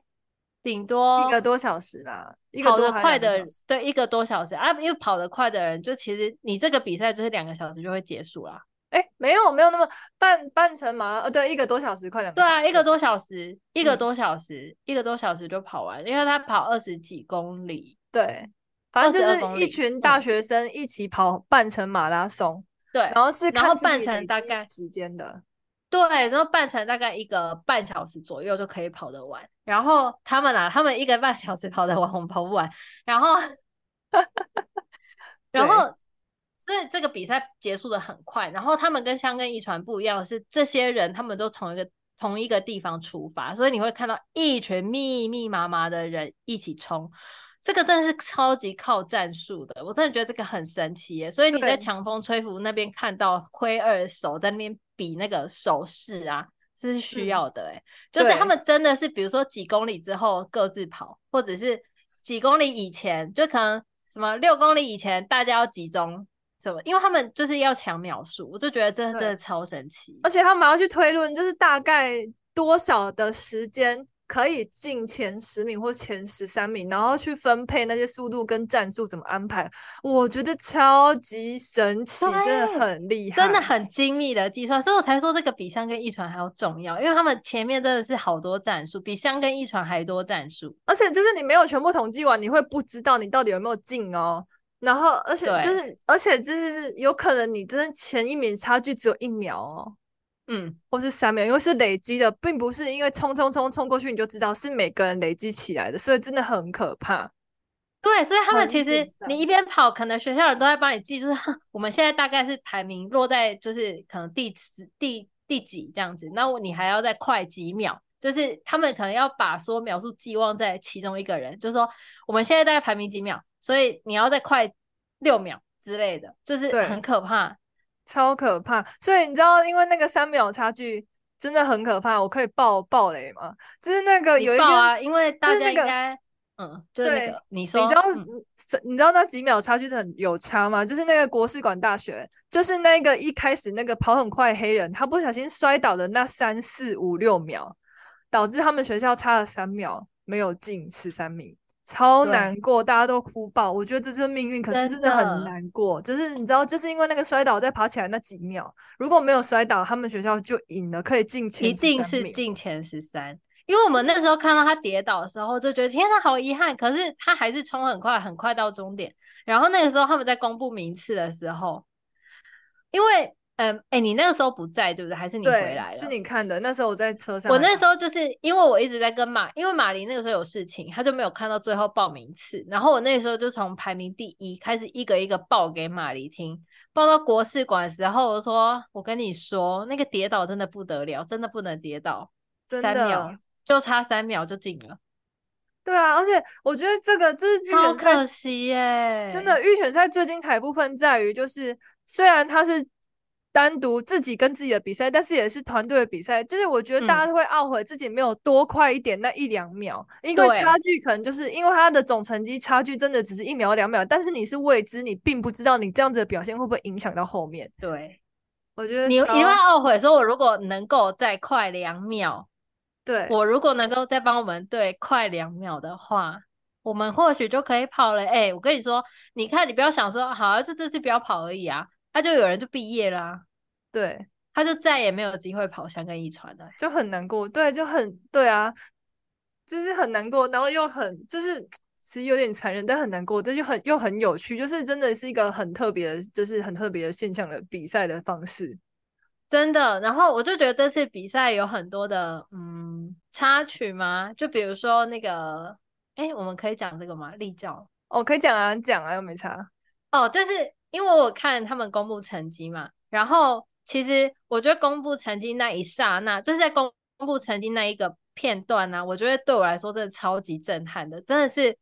頂多一個多小時啦，一個多個小時跑得快的對，一個多小時啊，因為跑得快的人就其實你這個比賽就是兩個小時就會結束啦。哎，沒有沒有那麼半半程馬，呃、哦，對，一個多小時快點。對啊，一個多小時，一個多小時，嗯、一個多小時就跑完，因為他跑二十幾公里，對，反正就是一群大學生一起跑半程馬拉松，嗯、對，然後是靠半程大概時間的，對，然後半程大概一個半小時左右就可以跑得完，然後他們啊，他們一個半小時跑得完，我們跑不完，然後， 對然後。所以這個比賽結束的很快，然後他們跟箱根驛傳不一樣的是，這些人他們都從一個同一個地方出發，所以你會看到一群密密密麻麻的人一起衝，這個真的是超級靠戰術的，我真的覺得這個很神奇耶、欸。所以你在強風吹拂那邊看到灰二手在那邊比那個手勢啊，這是需要的、欸嗯、就是他們真的是比如說幾公里之後各自跑，或者是幾公里以前就可能什麼六公里以前大家要集中。因為他們就是要搶秒數，我就覺得這真的超神奇，而且他們還要去推論，就是大概多少的時間可以進前十名或前十三名，然後去分配那些速度跟戰術怎麼安排，我覺得超級神奇，對真的很厲害，真的很精密的計算，所以我才說這個比箱根驛傳還要重要，因為他們前面真的是好多戰術，比箱根驛傳還多戰術，而且就是你沒有全部統計完，你會不知道你到底有沒有進哦。然後，而且就是，對而且就是，有可能你真的前一名差距只有一秒哦，嗯，或是三秒，因為是累積的，並不是因為衝，衝衝衝衝過去你就知道是每個人累積起來的，所以真的很可怕。對，所以他們其實你一邊跑，可能學校人都在幫你記，就是我們現在大概是排名落在就是可能第第第幾這樣子，那你還要再快幾秒，就是他們可能要把說秒數寄望在其中一個人，就是說我們現在大概排名幾秒。所以你要再快六秒之類的，就是很可怕，對，超可怕。所以你知道，因為那個三秒差距真的很可怕。我可以爆爆雷嗎？就是那個有一個啊，因為大家應該、那個、嗯，就是那個、對，你說，你知道，嗯、你知道那幾秒差距是很有差嗎？就是那個國士館大學，就是那個一開始那個跑很快的黑人，他不小心摔倒的那三四五六秒，導致他們學校差了三秒，沒有進十三名。超難過，對大家都哭爆。我覺得這就是命運，可是真的很難過。真的就是你知道，就是因為那個摔倒再爬起來那幾秒，如果沒有摔倒，他們學校就贏了，可以進前，一定是進前十三。因為我們那時候看到他跌倒的時候，就覺得天哪，好遺憾。可是他還是衝很快，很快到終點。然後那個時候他們在公布名次的時候，因為。嗯，哎、欸，你那個時候不在，對不對？還是你回來了？是你看的。那時候我在車上。我那時候就是因為我一直在跟馬，因為馬琳那個時候有事情，他就沒有看到最後報名次。然後我那時候就從排名第一開始一個一個、一個報給馬琳聽，報到國士館的時候，我說：“我跟你說，那個跌倒真的不得了，真的不能跌倒，真的三秒就差三秒就進了。”對啊，而且我覺得這個就是好可惜耶、欸。真的預選賽最精彩部分在於，就是雖然他是。單獨自己跟自己的比賽，但是也是團隊的比賽，就是我覺得大家都會懊悔自己沒有多快一點那一兩秒，嗯、因為差距可能就是對因為他的總成績差距真的只是一秒兩秒，但是你是未知，你並不知道你這樣子的表現會不會影響到後面。對，我覺得你你會懊悔，說我如果能夠再快兩秒，對，我如果能夠再幫我們隊快兩秒的話，我們或許就可以跑了。哎、欸，我跟你說，你看你不要想說，好就這次不要跑而已啊。他就有人就畢業啦，啊，對，他就再也沒有機會跑箱根驛傳了，就很難過，對，就很，對啊，就是很難過，然後又很就是其實有點殘忍，但很難過，這就很又很有趣，就是真的是一個很特別的，就是很特別的現象的比賽的方式，真的。然後我就覺得這次比賽有很多的嗯插曲嘛，就比如說那個，哎，我們可以講這個嗎？立教，哦，可以講啊，講啊，又沒差，哦，就是。因為我看他們公布成績嘛，然後其實我覺得公布成績那一剎那，就是在公布成績那一個片段啊，我覺得對我來說真的超級震撼的，真的是，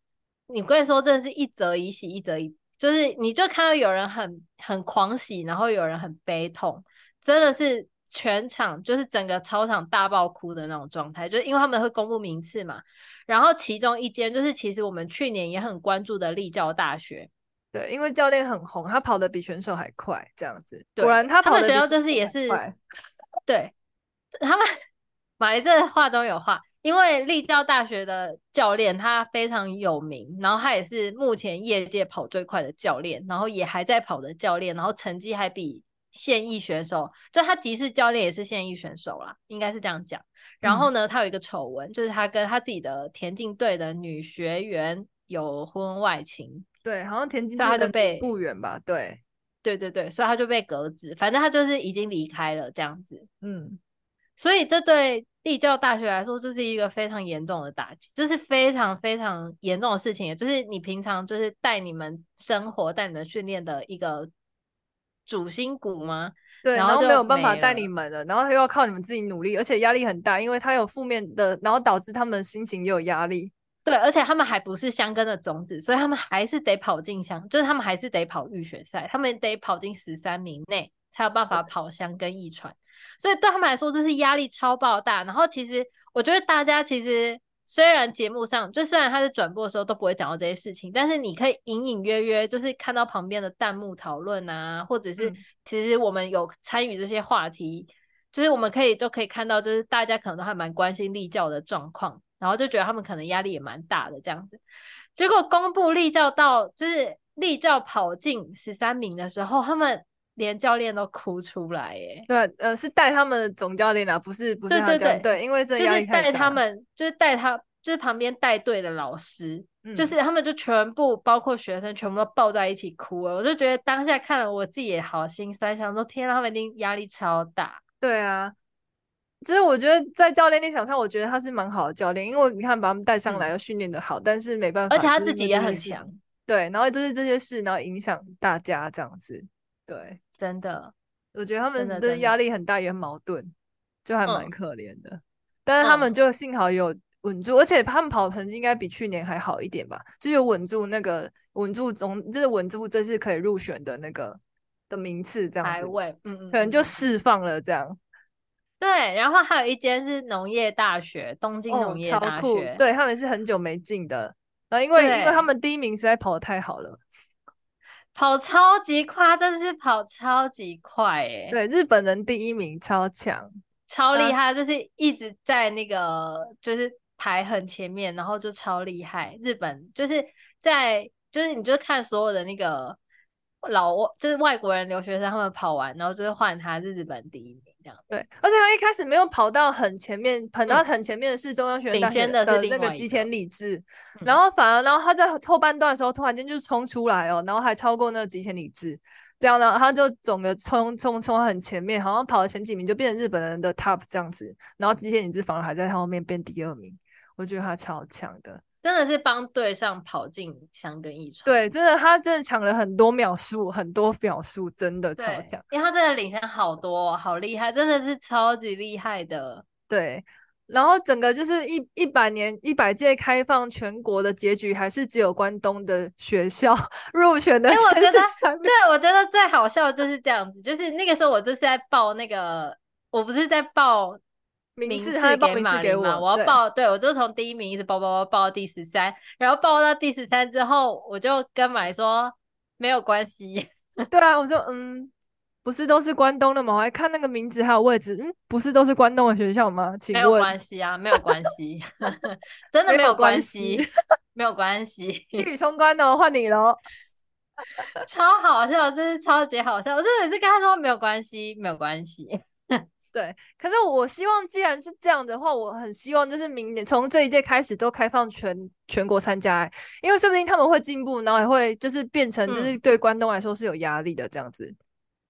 你可以說真的是一則以喜，一則以，就是你就看到有人很很狂喜，然後有人很悲痛，真的是全場就是整個操場大爆哭的那種狀態，就是因為他們會公布名次嘛，然後其中一間就是其實我們去年也很關注的立教大學。對，因為教練很紅，他跑得比選手還快，這樣子。對果然他跑得他們學校就是也是快對他們，買這話中有話，因為立教大學的教練他非常有名，然後他也是目前業界跑最快的教練，然後也還在跑的教練，然後成績還比現役選手，就他既是教練也是現役選手啦，應該是這樣講。然後呢，嗯、他有一個醜聞，就是他跟他自己的田徑隊的女學員有婚外情。對，好像田徑所被不遠吧？對，對對對，所以他就被革職，反正他就是已經離開了這樣子。嗯，所以這對立教大學來說，就是一個非常嚴重的打擊，就是非常非常嚴重的事情，也就是你平常就是帶你們生活、帶你們訓練的一個主心骨嗎？對，然後就沒有辦法帶你們了，然後他又要靠你們自己努力，而且壓力很大，因為他有負面的，然後導致他們心情也有壓力。對，而且他們還不是箱根的種子，所以他們還是得跑進箱，就是他們還是得跑預選賽，他們得跑進十三名內才有辦法跑箱根驛傳，所以對他們來說，這、就是壓力超爆大。然後其實我覺得大家其實雖然節目上，就雖然他在轉播的時候都不會講到這些事情，但是你可以隱隱約約就是看到旁邊的彈幕討論啊，或者是其實我們有參與這些話題，嗯、就是我們可以都可以看到，就是大家可能都還蠻關心立教的狀況。然後就覺得他們可能壓力也蠻大的這樣子，結果公布立教到就是立教跑進十三名的時候，他們連教練都哭出來耶。對，呃，是帶他們的總教練啊，不是不是教練，對，對對對，因為這壓力就是帶他們，就是帶他，就是旁邊帶隊的老師，嗯，就是他們就全部包括學生全部都抱在一起哭了。我就覺得當下看了我自己也好心塞，想說天啊，他們一定壓力超大。對啊。其實我覺得在教練立場上，我覺得他是蠻好的教練，因為你看把他們帶上來要訓練的好，嗯、但是沒辦法，而且他自己也很強，對。然後就是這些事，然後影響大家這樣子，對，真的，我覺得他們真的壓力很大，也很矛盾，就還蠻可憐的。嗯、但是他們就幸好有穩住，嗯、而且他們跑成績應該比去年還好一點吧，就有穩住那個穩住總，就是穩住這次可以入選的那個的名次這樣子，還未嗯，可能、嗯嗯、就釋放了這樣。對，然後還有一間是農業大學，東京農業大學。Oh, 超酷！對，他們是很久沒進的。然後因為，對因為他們第一名實在跑得太好了，跑超級快，真的是跑超級快誒。對，日本人第一名超強，超厲害，就是一直在那個就是排很前面，然後就超厲害。日本就是在就是你就看所有的那個老外，就是外國人留學生，他們跑完，然後就是換他是日本第一名。對，而且他一開始沒有跑到很前面，跑到、嗯、很前面的是中央學院大學的那個吉田理智，然後反而，然後他在後半段的時候突然間就衝出來哦，嗯、然後還超過那個吉田理智。這樣呢，他就整個衝衝衝很前面，好像跑了前幾名就變成日本人的 top 這樣子，然後吉田理智反而還在他後面變第二名，我覺得他超強的。真的是幫隊上跑進箱根驛傳。對，真的他真的搶了很多秒數，很多秒數真的超強，因為他真的領先好多，哦，好厲害，真的是超級厲害的。對，然後整個就是一一百年一百屆開放全國的結局，還是只有關東的學校入選的是三。哎，我覺得，對我覺得最好笑的就是這樣子，就是那個時候我就是在報那個，我不是在報。名字還報名字給，給我，我要報，對，對我就從第一名一直報報報報，報到第十三，然後報到第十三之後，我就跟瑪莉說沒有關係，對啊，我說嗯，不是都是關東的嗎？我還看那個名字還有位置，嗯，不是都是關東的學校嗎？請問，沒有關係啊，沒有關係， 真的沒有關係，沒有關係，一語雙關，我換、 喔、你嘍， 超好笑，真是超級好笑，我真的是跟他說沒有關係，沒有關係。對，可是我希望，既然是這樣的話，我很希望就是明年從這一屆開始都開放全全國參加，因為說不定他們會進步，然後也會就是變成就是對關東來說是有壓力的、嗯、這樣子。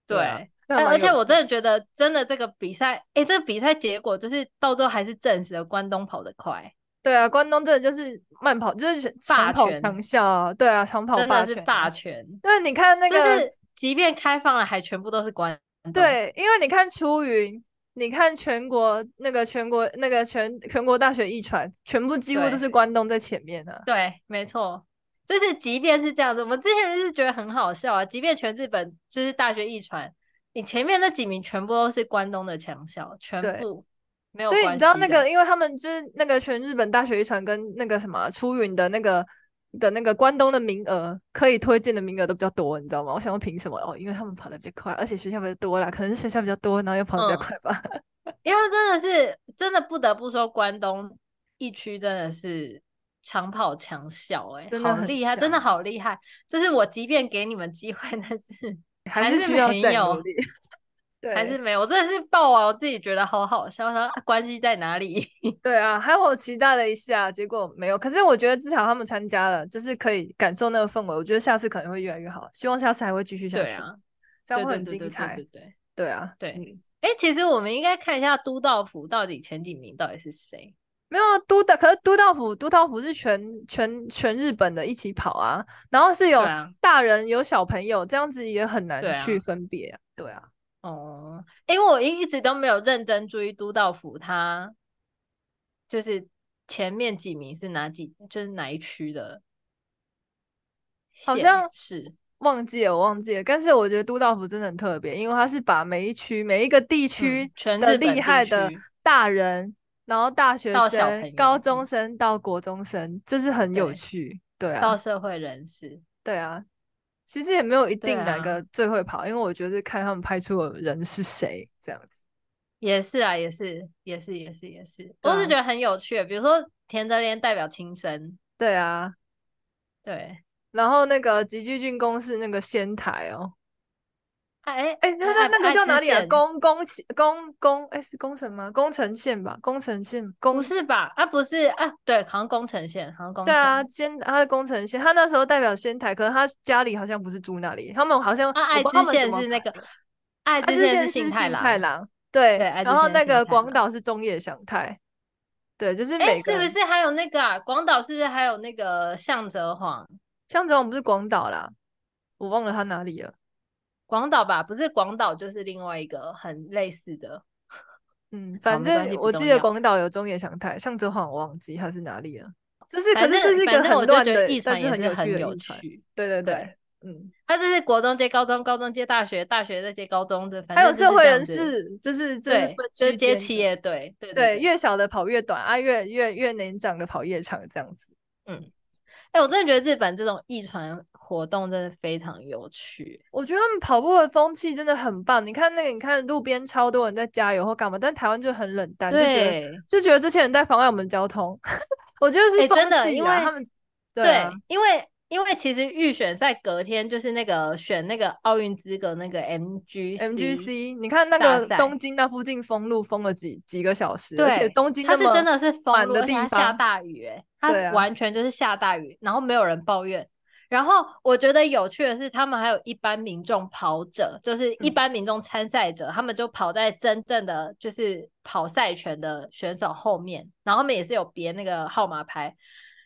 對，對啊、而且我真的覺得，真的這個比賽，哎，這個比賽結果就是到最後還是證實了關東跑得快。對啊，關東真的就是慢跑就是長跑強校。啊。霸權、對啊，長跑霸權、啊、真的是霸權。對，你看那個，即便開放了，還全部都是關東。對，因為你看出雲。你看全國那個全國那個全全國大學驛傳，全部幾乎都是關東在前面呢、啊。對，沒錯，就是即便是這樣子，我們之前就是覺得很好笑啊。即便全日本就是大學驛傳，你前面那幾名全部都是關東的強校，全部沒有。所以你知道那個，因為他們就是那個全日本大學驛傳跟那個什麼出雲的那個。的那個關東的名額可以推薦的名額都比較多，你知道嗎？我想問憑什麼哦？因為他們跑得比較快，而且學校比較多啦，可能是學校比較多，然後又跑得比較快吧、嗯。因為真的是真的不得不說，關東一區真的是長跑強校、欸，哎，真的很厲害，真的好厲害。就是我即便給你們機會，但是還是，還是需要再努力。對還是沒有，我真的是爆啊！我自己覺得好好笑，他關係在哪裡？ 對啊，還有我期待了一下，結果沒有。可是我覺得至少他們參加了，就是可以感受那個氛圍。我覺得下次可能會越來越好，希望下次還會繼續下去。對啊，這樣會很精彩。對啊，對。哎、嗯欸，其實我們應該看一下都道府到底前幾名，到底是誰？沒有、啊、都道，可是都道府，都道府是全全全日本的一起跑啊。然後是有大人、啊、有小朋友，這樣子也很難去分別、啊。對啊。對啊。哦，因為我一一直都沒有認真注意都道府，他就是前面幾名是哪幾，就是哪一區的，好像是忘記了，我忘記了。但是我覺得都道府真的很特別，因為他是把每一區每一個地區全是厲害的大人，嗯、然後大學生、高中生到國中生，這、就是很有趣，對，對啊，到社會人士，對啊。其實也沒有一定哪個最會跑，啊、因為我覺得是看他們派出的人是誰這樣子。也是啊，也是，也是，也是，也是、啊，都是覺得很有趣的。比如說田澤廉代表青森，對啊，對。然後那個吉居駿恭是那個仙台哦。哎哎，他那、欸、那個叫哪裡啊？宮宮宮宮哎、欸，是宮城嗎？宮城縣吧？宮城縣？宮不是吧？啊，不是啊，對，好像宮城縣，好像宮城。對啊，仙，他、啊、是宮城縣，他那時候代表仙台，可是他家裡好像不是住那裡。他們好像，愛知縣是那個，愛知縣是幸太郎，太郎對，對然後那個廣島是中野祥太，對，就是每個是不是還有那個廣島？是不是還有那個向澤晃？向澤晃不是廣島啦，我忘了他哪裡了。廣島吧，不是廣島，就是另外一個很類似的。嗯，反正我記得廣島有中野翔太，向澤晃，我忘記他是哪裡了。就是，正可是這是一個很亂的驛傳，是很有趣。的流對對對，對嗯，他、啊、這是國中接高中，高中接大學，大學再接高中，這，這還有社會人士，就是這對接企業，對、就是接企業，對對對，對，越小的跑越短啊，越越越，越年長的跑越長這樣子。嗯，哎、欸，我真的覺得日本這種驛傳，活動真的非常有趣，我覺得他們跑步的風氣真的很棒。你看那個，你看路邊超多人在加油或幹嘛，但台灣就很冷淡，對就覺就覺得這些人在妨礙我們交通。 我覺得是風氣、啊欸、真的，因為他們對,、啊、對，因為因為其實預選賽隔天就是那個選那個奧運資格那個 M G M G C，你看那個東京那附近封路封了幾幾個小時，對而且東京那麼滿的地方是真的是封路，它下大雨、欸，哎，它完全就是下大雨、欸，啊、然後沒有人抱怨。然後我覺得有趣的是，他們還有一般民眾跑者，就是一般民眾參賽者，嗯、他們就跑在真正的就是跑賽圈的選手後面，然後他們也是有別那個號碼牌。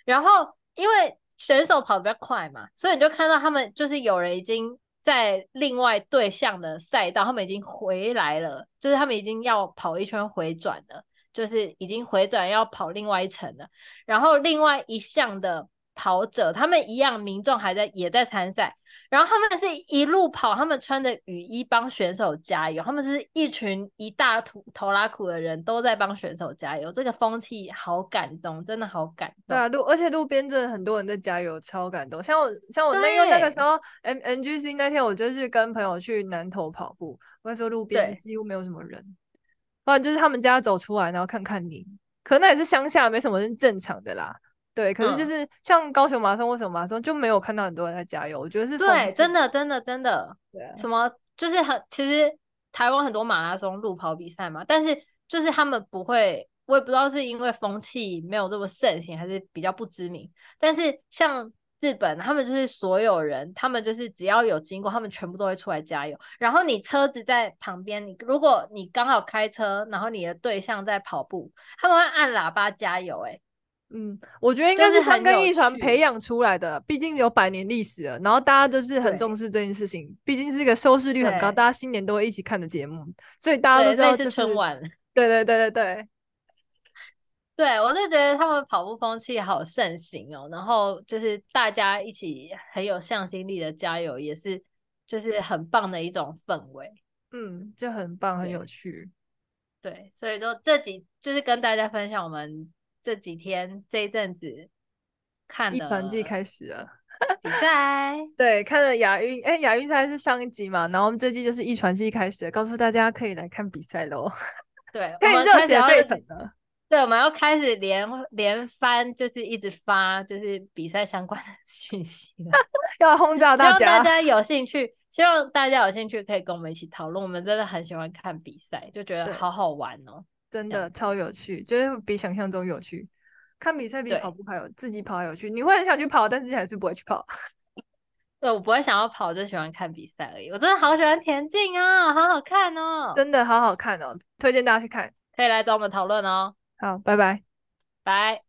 然後因為選手跑得比較快嘛，所以你就看到他們就是有人已經在另外對象的賽道，他們已經回來了，就是他們已經要跑一圈回轉了，就是已經回轉要跑另外一層了。然後另外一項的。跑者他們一樣，民眾還在也在參賽，然後他們是一路跑，他們穿着雨衣幫選手加油，他們是一群一大土頭拉苦的人都在幫選手加油，這個風氣好感動，真的好感動。對啊，路而且路邊真的很多人在加油，超感動。像我像我那個那個時候對，M N G CMGC 那天，我就是跟朋友去南投跑步，我跟你說路邊幾乎沒有什麼人，對不然就是他們家走出來，然後看看你，可能也是鄉下沒什麼人，正常的啦。對，可是就是像高雄馬拉松或什麼馬拉松就沒有看到很多人在加油，我覺得是。對，真的，真的，真的，Yeah. 什麼就是很其實台灣很多馬拉松路跑比賽嘛，但是就是他們不會，我也不知道是因為風氣沒有這麼盛行，還是比較不知名。但是像日本，他們就是所有人，他們就是只要有經過，他們全部都會出來加油。然後你車子在旁邊，你如果你剛好開車，然後你的對象在跑步，他們會按喇叭加油，欸，哎。嗯，我覺得應該是箱根驛傳培養出來的，畢竟有百年歷史了。然後大家都是很重視這件事情，對畢竟是一個收視率很高，對大家新年都會一起看的節目，所以大家都知道、就是、是春晚。對對對對對，對我就覺得他們跑步風氣好盛行哦。然後就是大家一起很有向心力的加油，也是就是很棒的一種氛圍。嗯，就很棒，很有趣。對,對，所以說這幾就是跟大家分享我們。這幾天這一陣子看了驛傳季開始了 比賽，對，看了亞運，哎、欸，亞運賽是上一集嘛，然後我們這季就是驛傳季開始，告訴大家可以來看比賽嘍。 對，看你了， 對，我們要開始連連番，就是一直發，就是比賽相關的訊息了， 要轟炸大家。希望大家有興趣，希望大家有興趣可以跟我們一起討論，我們真的很喜歡看比賽，就覺得好好玩哦。真的超有趣，就是比想象中有趣。看比賽比跑步還有對自己跑還有趣，你會很想去跑，但是還是不會去跑。對，我不會想要跑，就喜歡看比賽而已。我真的好喜歡田徑啊，好好看哦！真的好好看哦，推薦大家去看，可以來找我們討論哦。好，拜拜，拜。